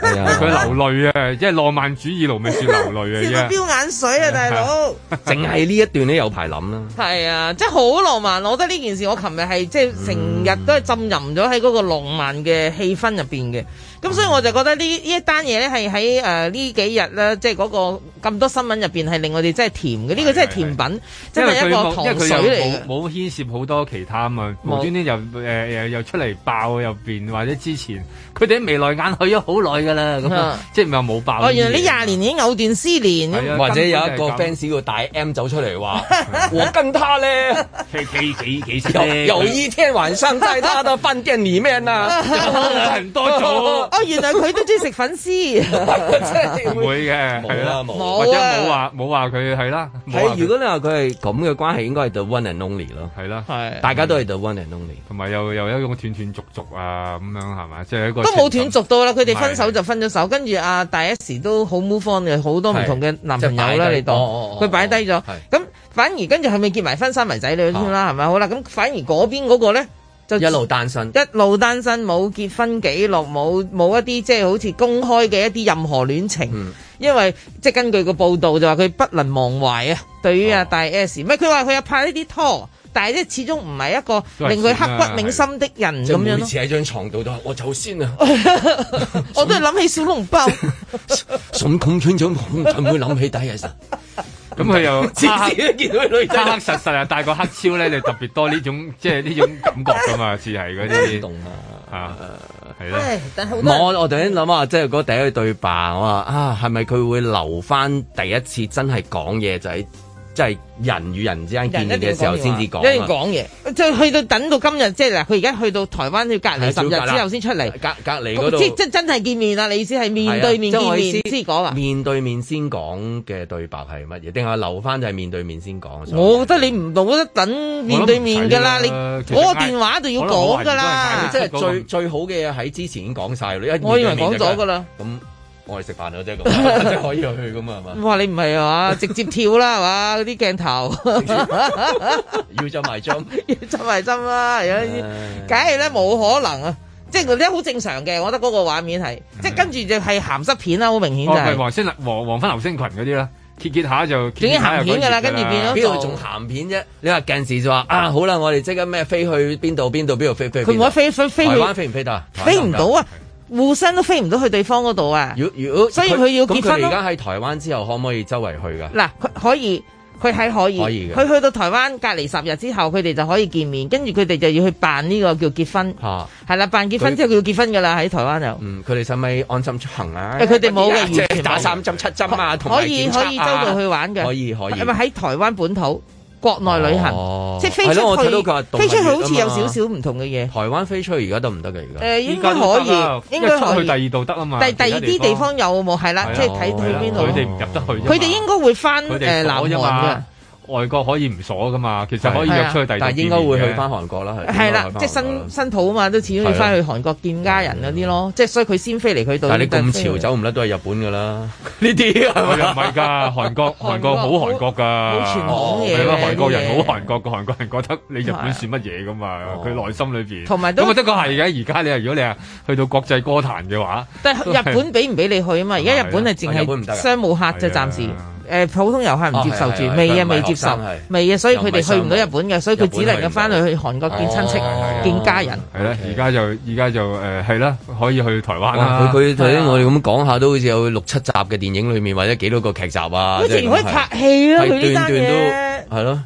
佢，哎、 流淚啊，即係浪漫主義路咪算流淚啊？笑到飆眼水啊，大佬！淨係呢一段咧，有排諗啦。係啊，即係好浪漫。我覺得呢件事，我琴日係即係成日都係浸淫咗喺嗰個浪漫嘅氣氛入邊嘅。咁所以我就覺得呢呢一單嘢咧，係喺誒呢幾日咧，即係嗰個咁多新聞入邊係令我哋真係甜嘅，呢、呢個真係甜品，對對對，真係一個糖水嚟。因為佢又冇冇牽涉好多其他啊嘛，無端端又，呃、又出嚟爆入邊，或者之前。佢哋未來眼去咗好耐噶啦，咁啊，即係咪冇辦法？原來呢廿年已經藕斷絲連、啊、或者有一個 fans 要帶 M 走出嚟話，我 跟他咧係幾幾幾時？有 一天晚上在他的飯店裡面啦， 很多咗。 哦，原來佢都中意食粉絲。唔 會嘅的，係 啦、啊，冇、啊、或者冇話冇話佢係啦。如果你話佢係咁嘅關係， 應該係 the one and only 咯，係啦、啊，大家都係 the one and only，同埋又又有一種斷斷續續啊咁樣係嘛，即係、就是、一個。冇斷續到啦，佢哋分手就分咗手，跟住阿大 S 都好 move on 嘅，好多唔同嘅男朋友啦，就是，你當佢擺低咗，咁，哦哦哦，反而跟住係咪結埋婚，哦，生埋仔女添啦？係咪好啦？咁反而嗰邊嗰個呢，就一路單身，一路單身，冇結婚記錄，冇冇一啲即係好似公開嘅一啲任何戀情，嗯，因為即係根據個報道就話佢不能忘懷啊。對於阿大 S，咩，哦？佢話佢有拍呢啲拖。但係即係始終唔係一個令佢刻骨銘心的人咁樣咯。啊、每次喺張床度都，我先走先 啊！我都諗起小籠包。宋錦村長會唔會諗起第一日？咁佢又次次見到女仔、啊，黑黑實實又帶個黑超咧，就特別多呢種即係呢種感覺噶嘛，似係嗰啲。衝動啊！吓係我我突然間諗下，即係嗰第一對白，我話啊，係咪佢會留翻第一次真係講嘢就喺？即、就、係、是、人與人之間見面嘅時候先至講啊！講嘢，即係去到等到今日，即係嗱，佢而家去到台灣要隔離十日之後先出嚟，隔隔離嗰度即即真係見面啦！你意思係面對面、啊、見面先講啊？面對面先講嘅對白係乜嘢？定係留翻就係面對面先講？我覺得你唔同得等面對面㗎啦，你嗰個電話就要講㗎啦。即係最最好嘅喺之前已經講晒啦，我以為講咗㗎啦。我哋食飯啊，即係咁，即係可以去咁啊，係嘛？哇！你唔係啊嘛，直接跳啦，係 嘛？嗰啲鏡頭，要浸埋針，要浸埋針啦，有啲，梗係咧冇可能啊！即係嗰啲好正常嘅，我覺得嗰個畫面係，即係跟住就係鹹濕片啦，好明顯就係，嗯，哦，黃黃昏流星群嗰啲啦，結結下就。已經鹹片噶啦，跟住變咗邊度仲鹹片啫？你話鏡時就話啊，好啦，我哋即刻咩飛去邊度？邊度？邊度？飛飛？佢唔得飛飛飛飛唔飛得啊？飛唔到啊！互相都飛唔到去對方嗰度啊！如果如果，所以佢要結婚。佢而家喺台灣之後，可唔可以周圍去噶？嗱、啊，佢可以，佢係可以，佢、啊、去到台灣隔離十日之後，佢哋就可以見面，跟住佢哋就要去辦呢、呢個叫結婚。吓係啦，辦結婚之後佢要結婚噶啦喺台灣就。嗯，佢哋使咪安心出行啊？佢哋冇嘅，即係、啊、打三針七針啊，啊可以、啊、可以，可以周圍去玩嘅，可以可以。係咪喺台灣本土？國內旅行，oh. 即係飛出去，飛出去好似有少少唔同嘅嘢。台灣飛出去而家都唔得，得唔得嘅，而家。誒、呃、應該可以，可以，應該可以。第二度得啊嘛。第第二啲地方有冇係啦？即係睇去邊度。佢哋唔入得去。佢、oh. 哋應該會翻誒南韓嘅。外國可以唔鎖噶嘛？其實可以約出去第二啲。但係應該會去翻韓國啦，係。係啦，即係新新抱啊嘛，都始終要翻去韓國見家人嗰啲咯。即係所以佢先飛嚟佢度。但係你咁潮走唔甩都係日本㗎啦，呢啲係咪？唔係㗎，韓國韓國好韓國㗎，哦，韓國人好韓國嘅韓國人覺得你日本算乜嘢㗎嘛？佢內心裏面，同埋都覺得個係嘅。而家你啊，如果你啊去到國際歌壇嘅話，但係日本俾唔俾你去啊嘛？而家日本係淨係商務客啫，暫時。誒，普通遊客唔接受住、哦，未啊未接受，未啊，所以佢哋去唔到日本嘅，所以佢只能夠翻去去韓國見親戚、哦、見家人。係啦，而家就而家就誒係啦，可以去台灣啦。佢佢頭先我哋咁講下，都好似有六七集嘅電影裏面，或者幾多個劇集啊，好似可以拍戲咯、啊，佢哋生都係咯，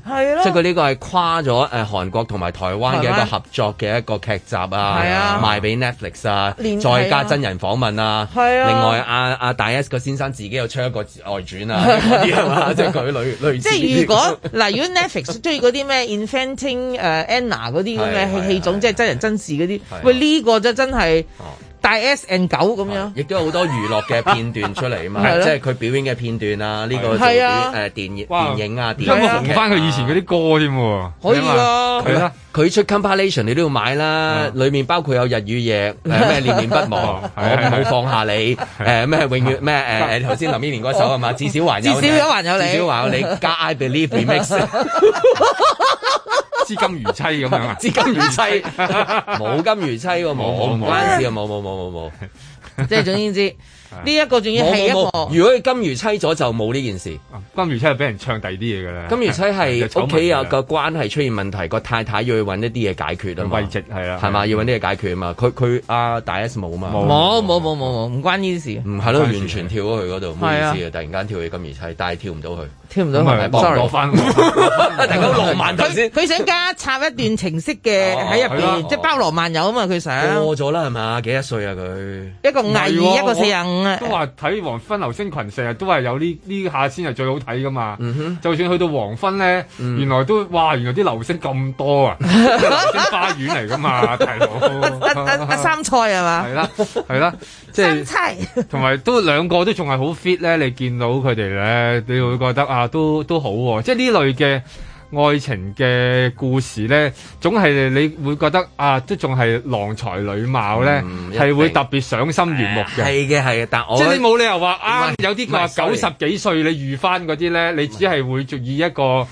即係佢呢個係跨咗誒韓國同埋台灣嘅一個合作嘅一個劇集啊，賣俾 Netflix 啊，啊，再加真人訪問啊，啊另外阿阿、啊、大 S 個先生自己又出一個外傳啊，即係佢啲類類似。即係如果嗱，如果 Netflix 追嗰啲咩 Inventing、uh, Anna 嗰啲咁嘅戲種，即係真人真事嗰啲，喂呢、呢個就真係。哦大 S and 狗咁樣亦都有好多娛樂嘅片段出嚟啊嘛， 即係佢表演嘅片段啊，呢、 呢個個誒、呃、電影電影啊，有冇紅翻佢以前嗰啲歌添喎、啊？可以啊，係啦，佢出 compilation 你都要買啦，裏面包括有日與夜，咩 念念不忘， 我唔會放下你，誒咩永遠咩誒誒頭先林憶蓮嗰首係嘛，至少還有，至少還有你，至少還有你加 I Believe Remix。 資金如妻咁樣啊，資金如妻，冇金如妻喎，冇好唔關事啊，冇冇冇冇冇，係啊、 即係總言之。呢、這個、一個仲要係一個，如果金魚妻咗就冇呢件事。金魚妻係俾人唱第二啲嘢㗎啦。金魚妻係屋企有、啊這個關係出現問題， 個太太要去揾一啲嘢解決啊嘛。位置係啊，係嘛、啊啊、要揾啲嘢解決啊嘛。佢、嗯、佢啊，大 S 冇嘛？冇冇冇冇冇，唔關呢啲事。係咯，完全跳去嗰度冇意思啊！突然間跳去金魚妻，但係跳唔到去，跳唔到咪係博過分？突然間羅曼蒂佢想加插一段情色嘅喺入邊，即係包羅萬有啊嘛！佢想過咗啦係嘛？了了幾多歲啊佢？一個藝人一個四人。都話睇黃昏流星群成日都係有呢呢下先係最好睇噶嘛，mm -hmm. 就算去到黃昏咧，mm -hmm. 原來都哇，原來啲流星咁多啊！ 流星花園嚟噶嘛，大佬，阿阿阿三菜係嘛？係啦係啦，即係同埋都兩個都仲係好 fit 咧，你見到佢哋咧，你會覺得啊，都都好，啊，即係呢類嘅。愛情嘅故事咧，總係你會覺得啊，都仲係郎才女貌咧，係、嗯、會特別賞心悅目嘅。係嘅係嘅，但我即係你冇理由話啊，有啲話九十幾歲你遇翻嗰啲咧，你只係會注意一個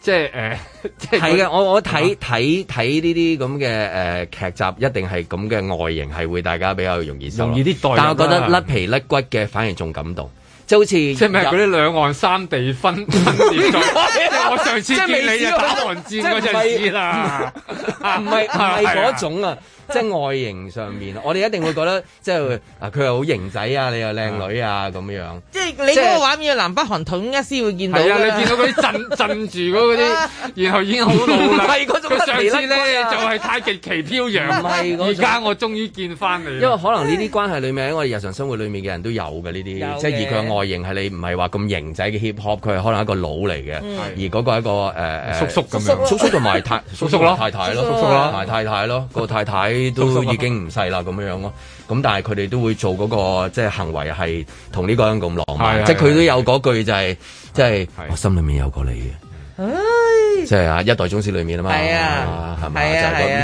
即係誒，即係嘅、呃。 我我睇睇睇呢啲咁嘅劇集，一定係咁嘅外形係會大家比較容易收。容易啲代入，但係我覺得甩皮甩骨嘅反而仲感動。就好似即係咪嗰啲兩岸三地分 分裂跌咗在？ 即我上次見你，未試打韓戰嗰陣時啦，唔係係嗰種啊。即係外形上面，嗯、我哋一定會覺得、嗯、即係啊，佢又好型仔啊，你又靚女啊咁樣。即係你嗰個畫面要南北韓統一先會見到。係啊，你見到嗰啲震 震住嗰啲，然後已經好老啦。唔係嗰種。佢上次咧就係太極旗飄揚。唔係嗰種。而家我終於見翻佢。因為可能呢啲關係裏面 我哋日常生活裏面嘅人都有嘅呢啲，即係佢嘅外形係你唔係話咁型仔嘅 Hip Hop，佢係可能一個老嚟嘅、嗯，而嗰個係一個誒叔叔咁樣。叔叔就埋太叔叔咯，太太咯，叔叔咯埋太， 太太咯、那個太太。都已經唔細啦，咁樣樣咯。咁但係佢哋都會做嗰、嗰個即係行為係同呢個人咁浪漫，即係佢都有嗰句就係、係，即係、就係就係、我心裏面有個你嘅，即係啊一代宗師裏面啊嘛，係咪啊？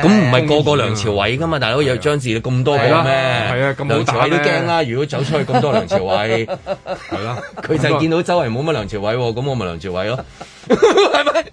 咁唔係個個梁朝偉噶嘛，大佬有似張智嘅咁多個咩？係啊，梁朝偉都驚啦。 如果走出去咁多梁朝偉，係 啦，佢就見到周圍冇乜梁朝偉，咁我咪梁朝偉咯。 係咪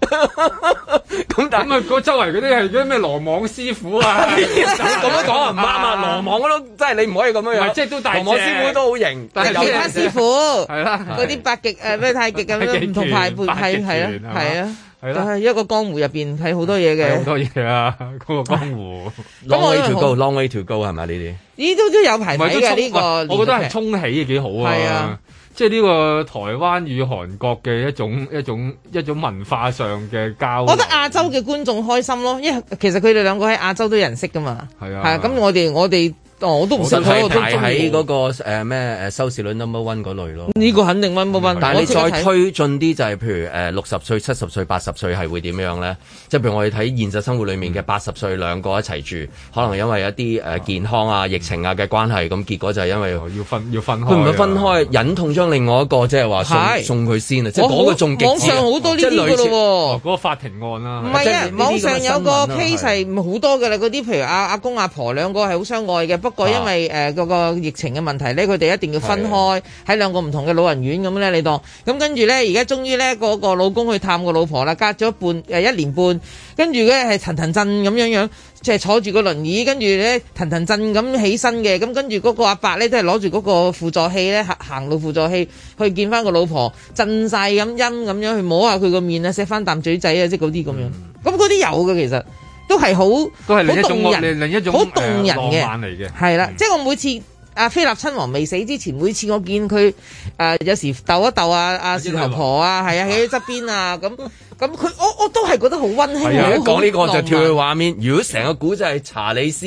咁啊？嗰 周圍嗰啲係啲咩羅網師傅啊？咁 樣講啊，阿媽羅網咯，即係你唔可以咁樣樣。即係、就是、都大。羅網師傅都好型，就是啊啊啊。其他師傅係啦，嗰啲八極誒，咩太極咁樣唔同派別係係咯，係啊，係、啊啊啊就是、一個江湖入邊睇好多嘢嘅。好多嘢啊，嗰、那個江湖。 long way to go，long way to go 係咪呢啲？呢都都有排睇嘅呢個。我覺得係衝起幾好啊。即係呢個台灣與韓國嘅一種一種一種，一種文化上嘅交流，我覺得亞洲嘅觀眾開心咯，因為其實佢哋兩個喺亞洲都人認識噶嘛，係啊係，咁我哋我哋。哦、我都唔識睇嗰個。係咩誒收視率 number one 嗰類咯。呢、呢個肯定 number one、嗯。但係你再推進啲就係、是、譬如誒六十歲、七十歲、八十歲係會點樣咧？即係譬如我哋睇現實生活裡面嘅八十歲兩個一齊住，可能因為一啲誒、呃、健康啊，啊、疫情啊嘅關係，咁結果就係因為要分要分開、啊。佢唔係分開，忍痛將另外一個、就是、即係話送送佢先即係嗰個仲極上好多呢啲㗎咯。嗰、哦嗰個法庭案啦、啊。唔係啊，網上有個 case 好、啊、多㗎啦，嗰啲譬如阿阿公阿婆兩個係好相愛嘅，不個因為誒嗰、啊呃那個疫情嘅問題咧，佢哋一定要分開喺兩個唔同嘅老人院咁咧，你當咁跟住咧，而家終於咧嗰、那個老公去探個老婆啦，隔咗半誒一年半，跟住咧係騰騰震咁樣樣，即係坐住個輪椅，跟住咧騰騰震咁起身嘅，咁跟住嗰個阿伯咧都係攞住嗰個輔助器咧行路輔助器去見翻個老婆，震晒咁陰咁樣，樣去摸下佢個面啊，錫翻啖嘴仔啊，即係嗰啲咁樣，咁嗰啲有嘅其實。都係好，都係另一種人，另一種好、呃、浪漫嚟嘅。係啦，即係我每次阿、啊、菲立親王未死之前，每次我見佢誒、啊，有時逗一逗啊，阿事頭婆啊，係啊，喺側邊啊，咁咁佢，我我都係覺得好温馨。如果講呢個就跳去畫面，如果成個古仔係查理斯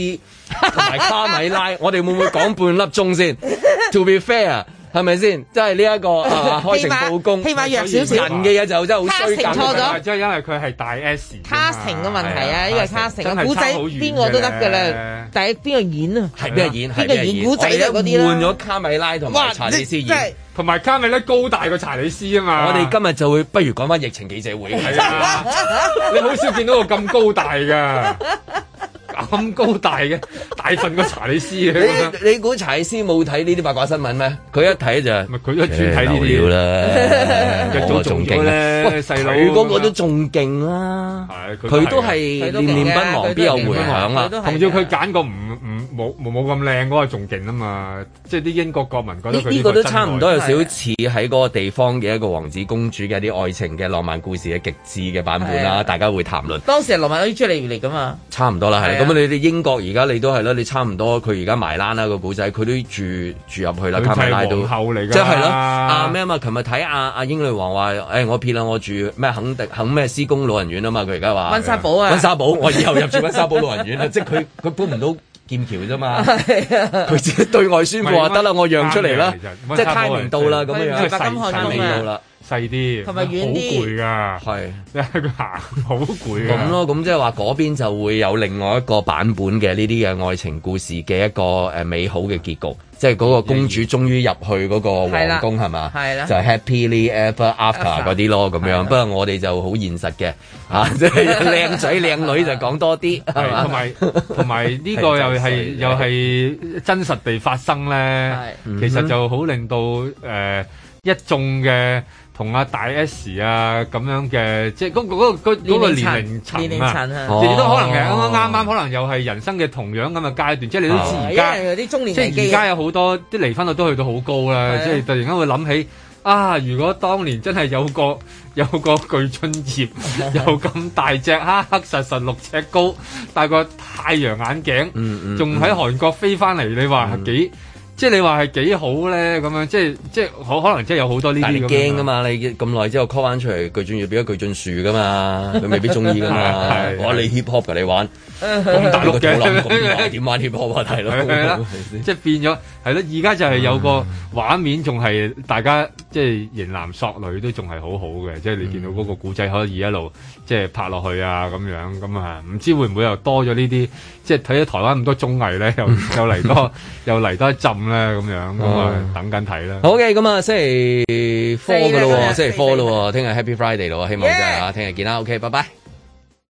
同埋卡米拉， 我哋會唔會講半粒鐘先 ？To be fair。係咪先？即係呢一個 啊，開城功，公，起碼弱少少。人嘅嘢就真係好衰緊。啊、錯咗，即係因為佢係大 S。卡城嘅問題啊，呢個卡城。真係。古仔邊個都得噶啦，但係邊個演啊？係咩、啊、演？邊個演古仔嘅嗰啲咧？是是我換咗卡米拉同埋查理斯演，同埋卡米拉高大過查理斯啊嘛。我哋今日就會不如講翻疫情記者會。啊、 你好少見到個咁高大㗎，咁高大嘅 大份個查理斯嘅，你估查理斯冇睇呢啲八卦新聞咩？佢一睇就，咪佢一專睇呢啲料啦，一早仲勁咧，細 佬，如果我，我弟弟都仲勁啦，佢都係念念不忘，必有回響啊，同住佢揀個唔唔。冇冇冇咁靚嗰個仲勁啊嘛！即係啲英國國民覺得佢呢個都差唔多有少似喺嗰個地方嘅一個王子公主嘅啲愛情嘅浪漫故事嘅極致嘅版本啦、啊，大家會談論。當時係浪漫喜劇嚟嚟噶嘛？差唔多啦，係咁、啊啊、你哋英國而家你都係啦，你差唔多佢而家埋欄啦，個古仔，佢都住住入去啦，卡米拉都。皇后嚟噶即係咯，阿咩啊嘛？琴日睇阿阿英女王話，誒、哎，我撇啦，我住咩肯迪肯咩施公老人院啊嘛，佢而家話。溫莎堡啊！溫莎堡， 我以後入住溫莎堡老人院啊！ 即係佢佢搬唔到。劍橋啫嘛，佢自己對外宣佈話得啦，我讓出嚟啦，即係泰明道啦咁樣樣，金海道啦，細啲，同埋遠啲，好攰㗎，係，你係佢行，好攰。咁咯，咁即係話嗰邊就會有另外一個版本嘅呢啲嘅愛情故事嘅一個誒美好嘅結局。即係嗰個公主終於入去嗰個皇宮係嘛？係啦，就係 Happily Ever After 嗰啲咯咁樣。不過我哋就好現實嘅嚇，靚仔靚女就講多啲係嘛？同埋同埋呢個又係又係真實地發生咧，其實就好令到誒一眾嘅。同阿大 S 啊咁樣嘅，即係、嗰、嗰個嗰、嗰個嗰、嗰個、年齡層啊，己、啊啊、都可能嘅。啱、啊、啱可能又係人生嘅同樣咁嘅階段，啊、即係你都知而家啲中年即係而家有好多啲離婚率都去到好高啦、啊，即係突然間會諗起啊！如果當年真係有個有個具俊曄，又咁大隻黑黑實實六尺高，戴個太陽眼鏡，仲、嗯、喺、嗯、韓國飛翻嚟、嗯，你話幾幾？即係你話係幾好咧？咁樣即係即係可可能即係有好多呢啲你驚㗎嘛？啊、你咁耐之後 call 翻出嚟，巨樽要變咗巨樽樹㗎嘛？佢 未必中意㗎嘛？我 話你 hip hop 㗎，你玩。咁大陸嘅，點玩呢個話題咯？係啦、 啊，即係變咗，係咯，而家就係有個畫面，仲係大家即係型男索女都仲係好好嘅。嗯、即係你見到嗰個古仔可以一路即係拍落去啊，咁樣咁啊，唔知會唔會又多咗呢啲？即係睇咗台灣咁多綜藝咧，又 又嚟多又嚟多一浸咧，咁樣咁啊，等，等緊睇啦。好嘅，咁啊，星期 four 噶啦，星期 four 啦，聽日 Happy Friday 咯，希望真係啊，聽、yeah! 日見啦，OK，拜拜。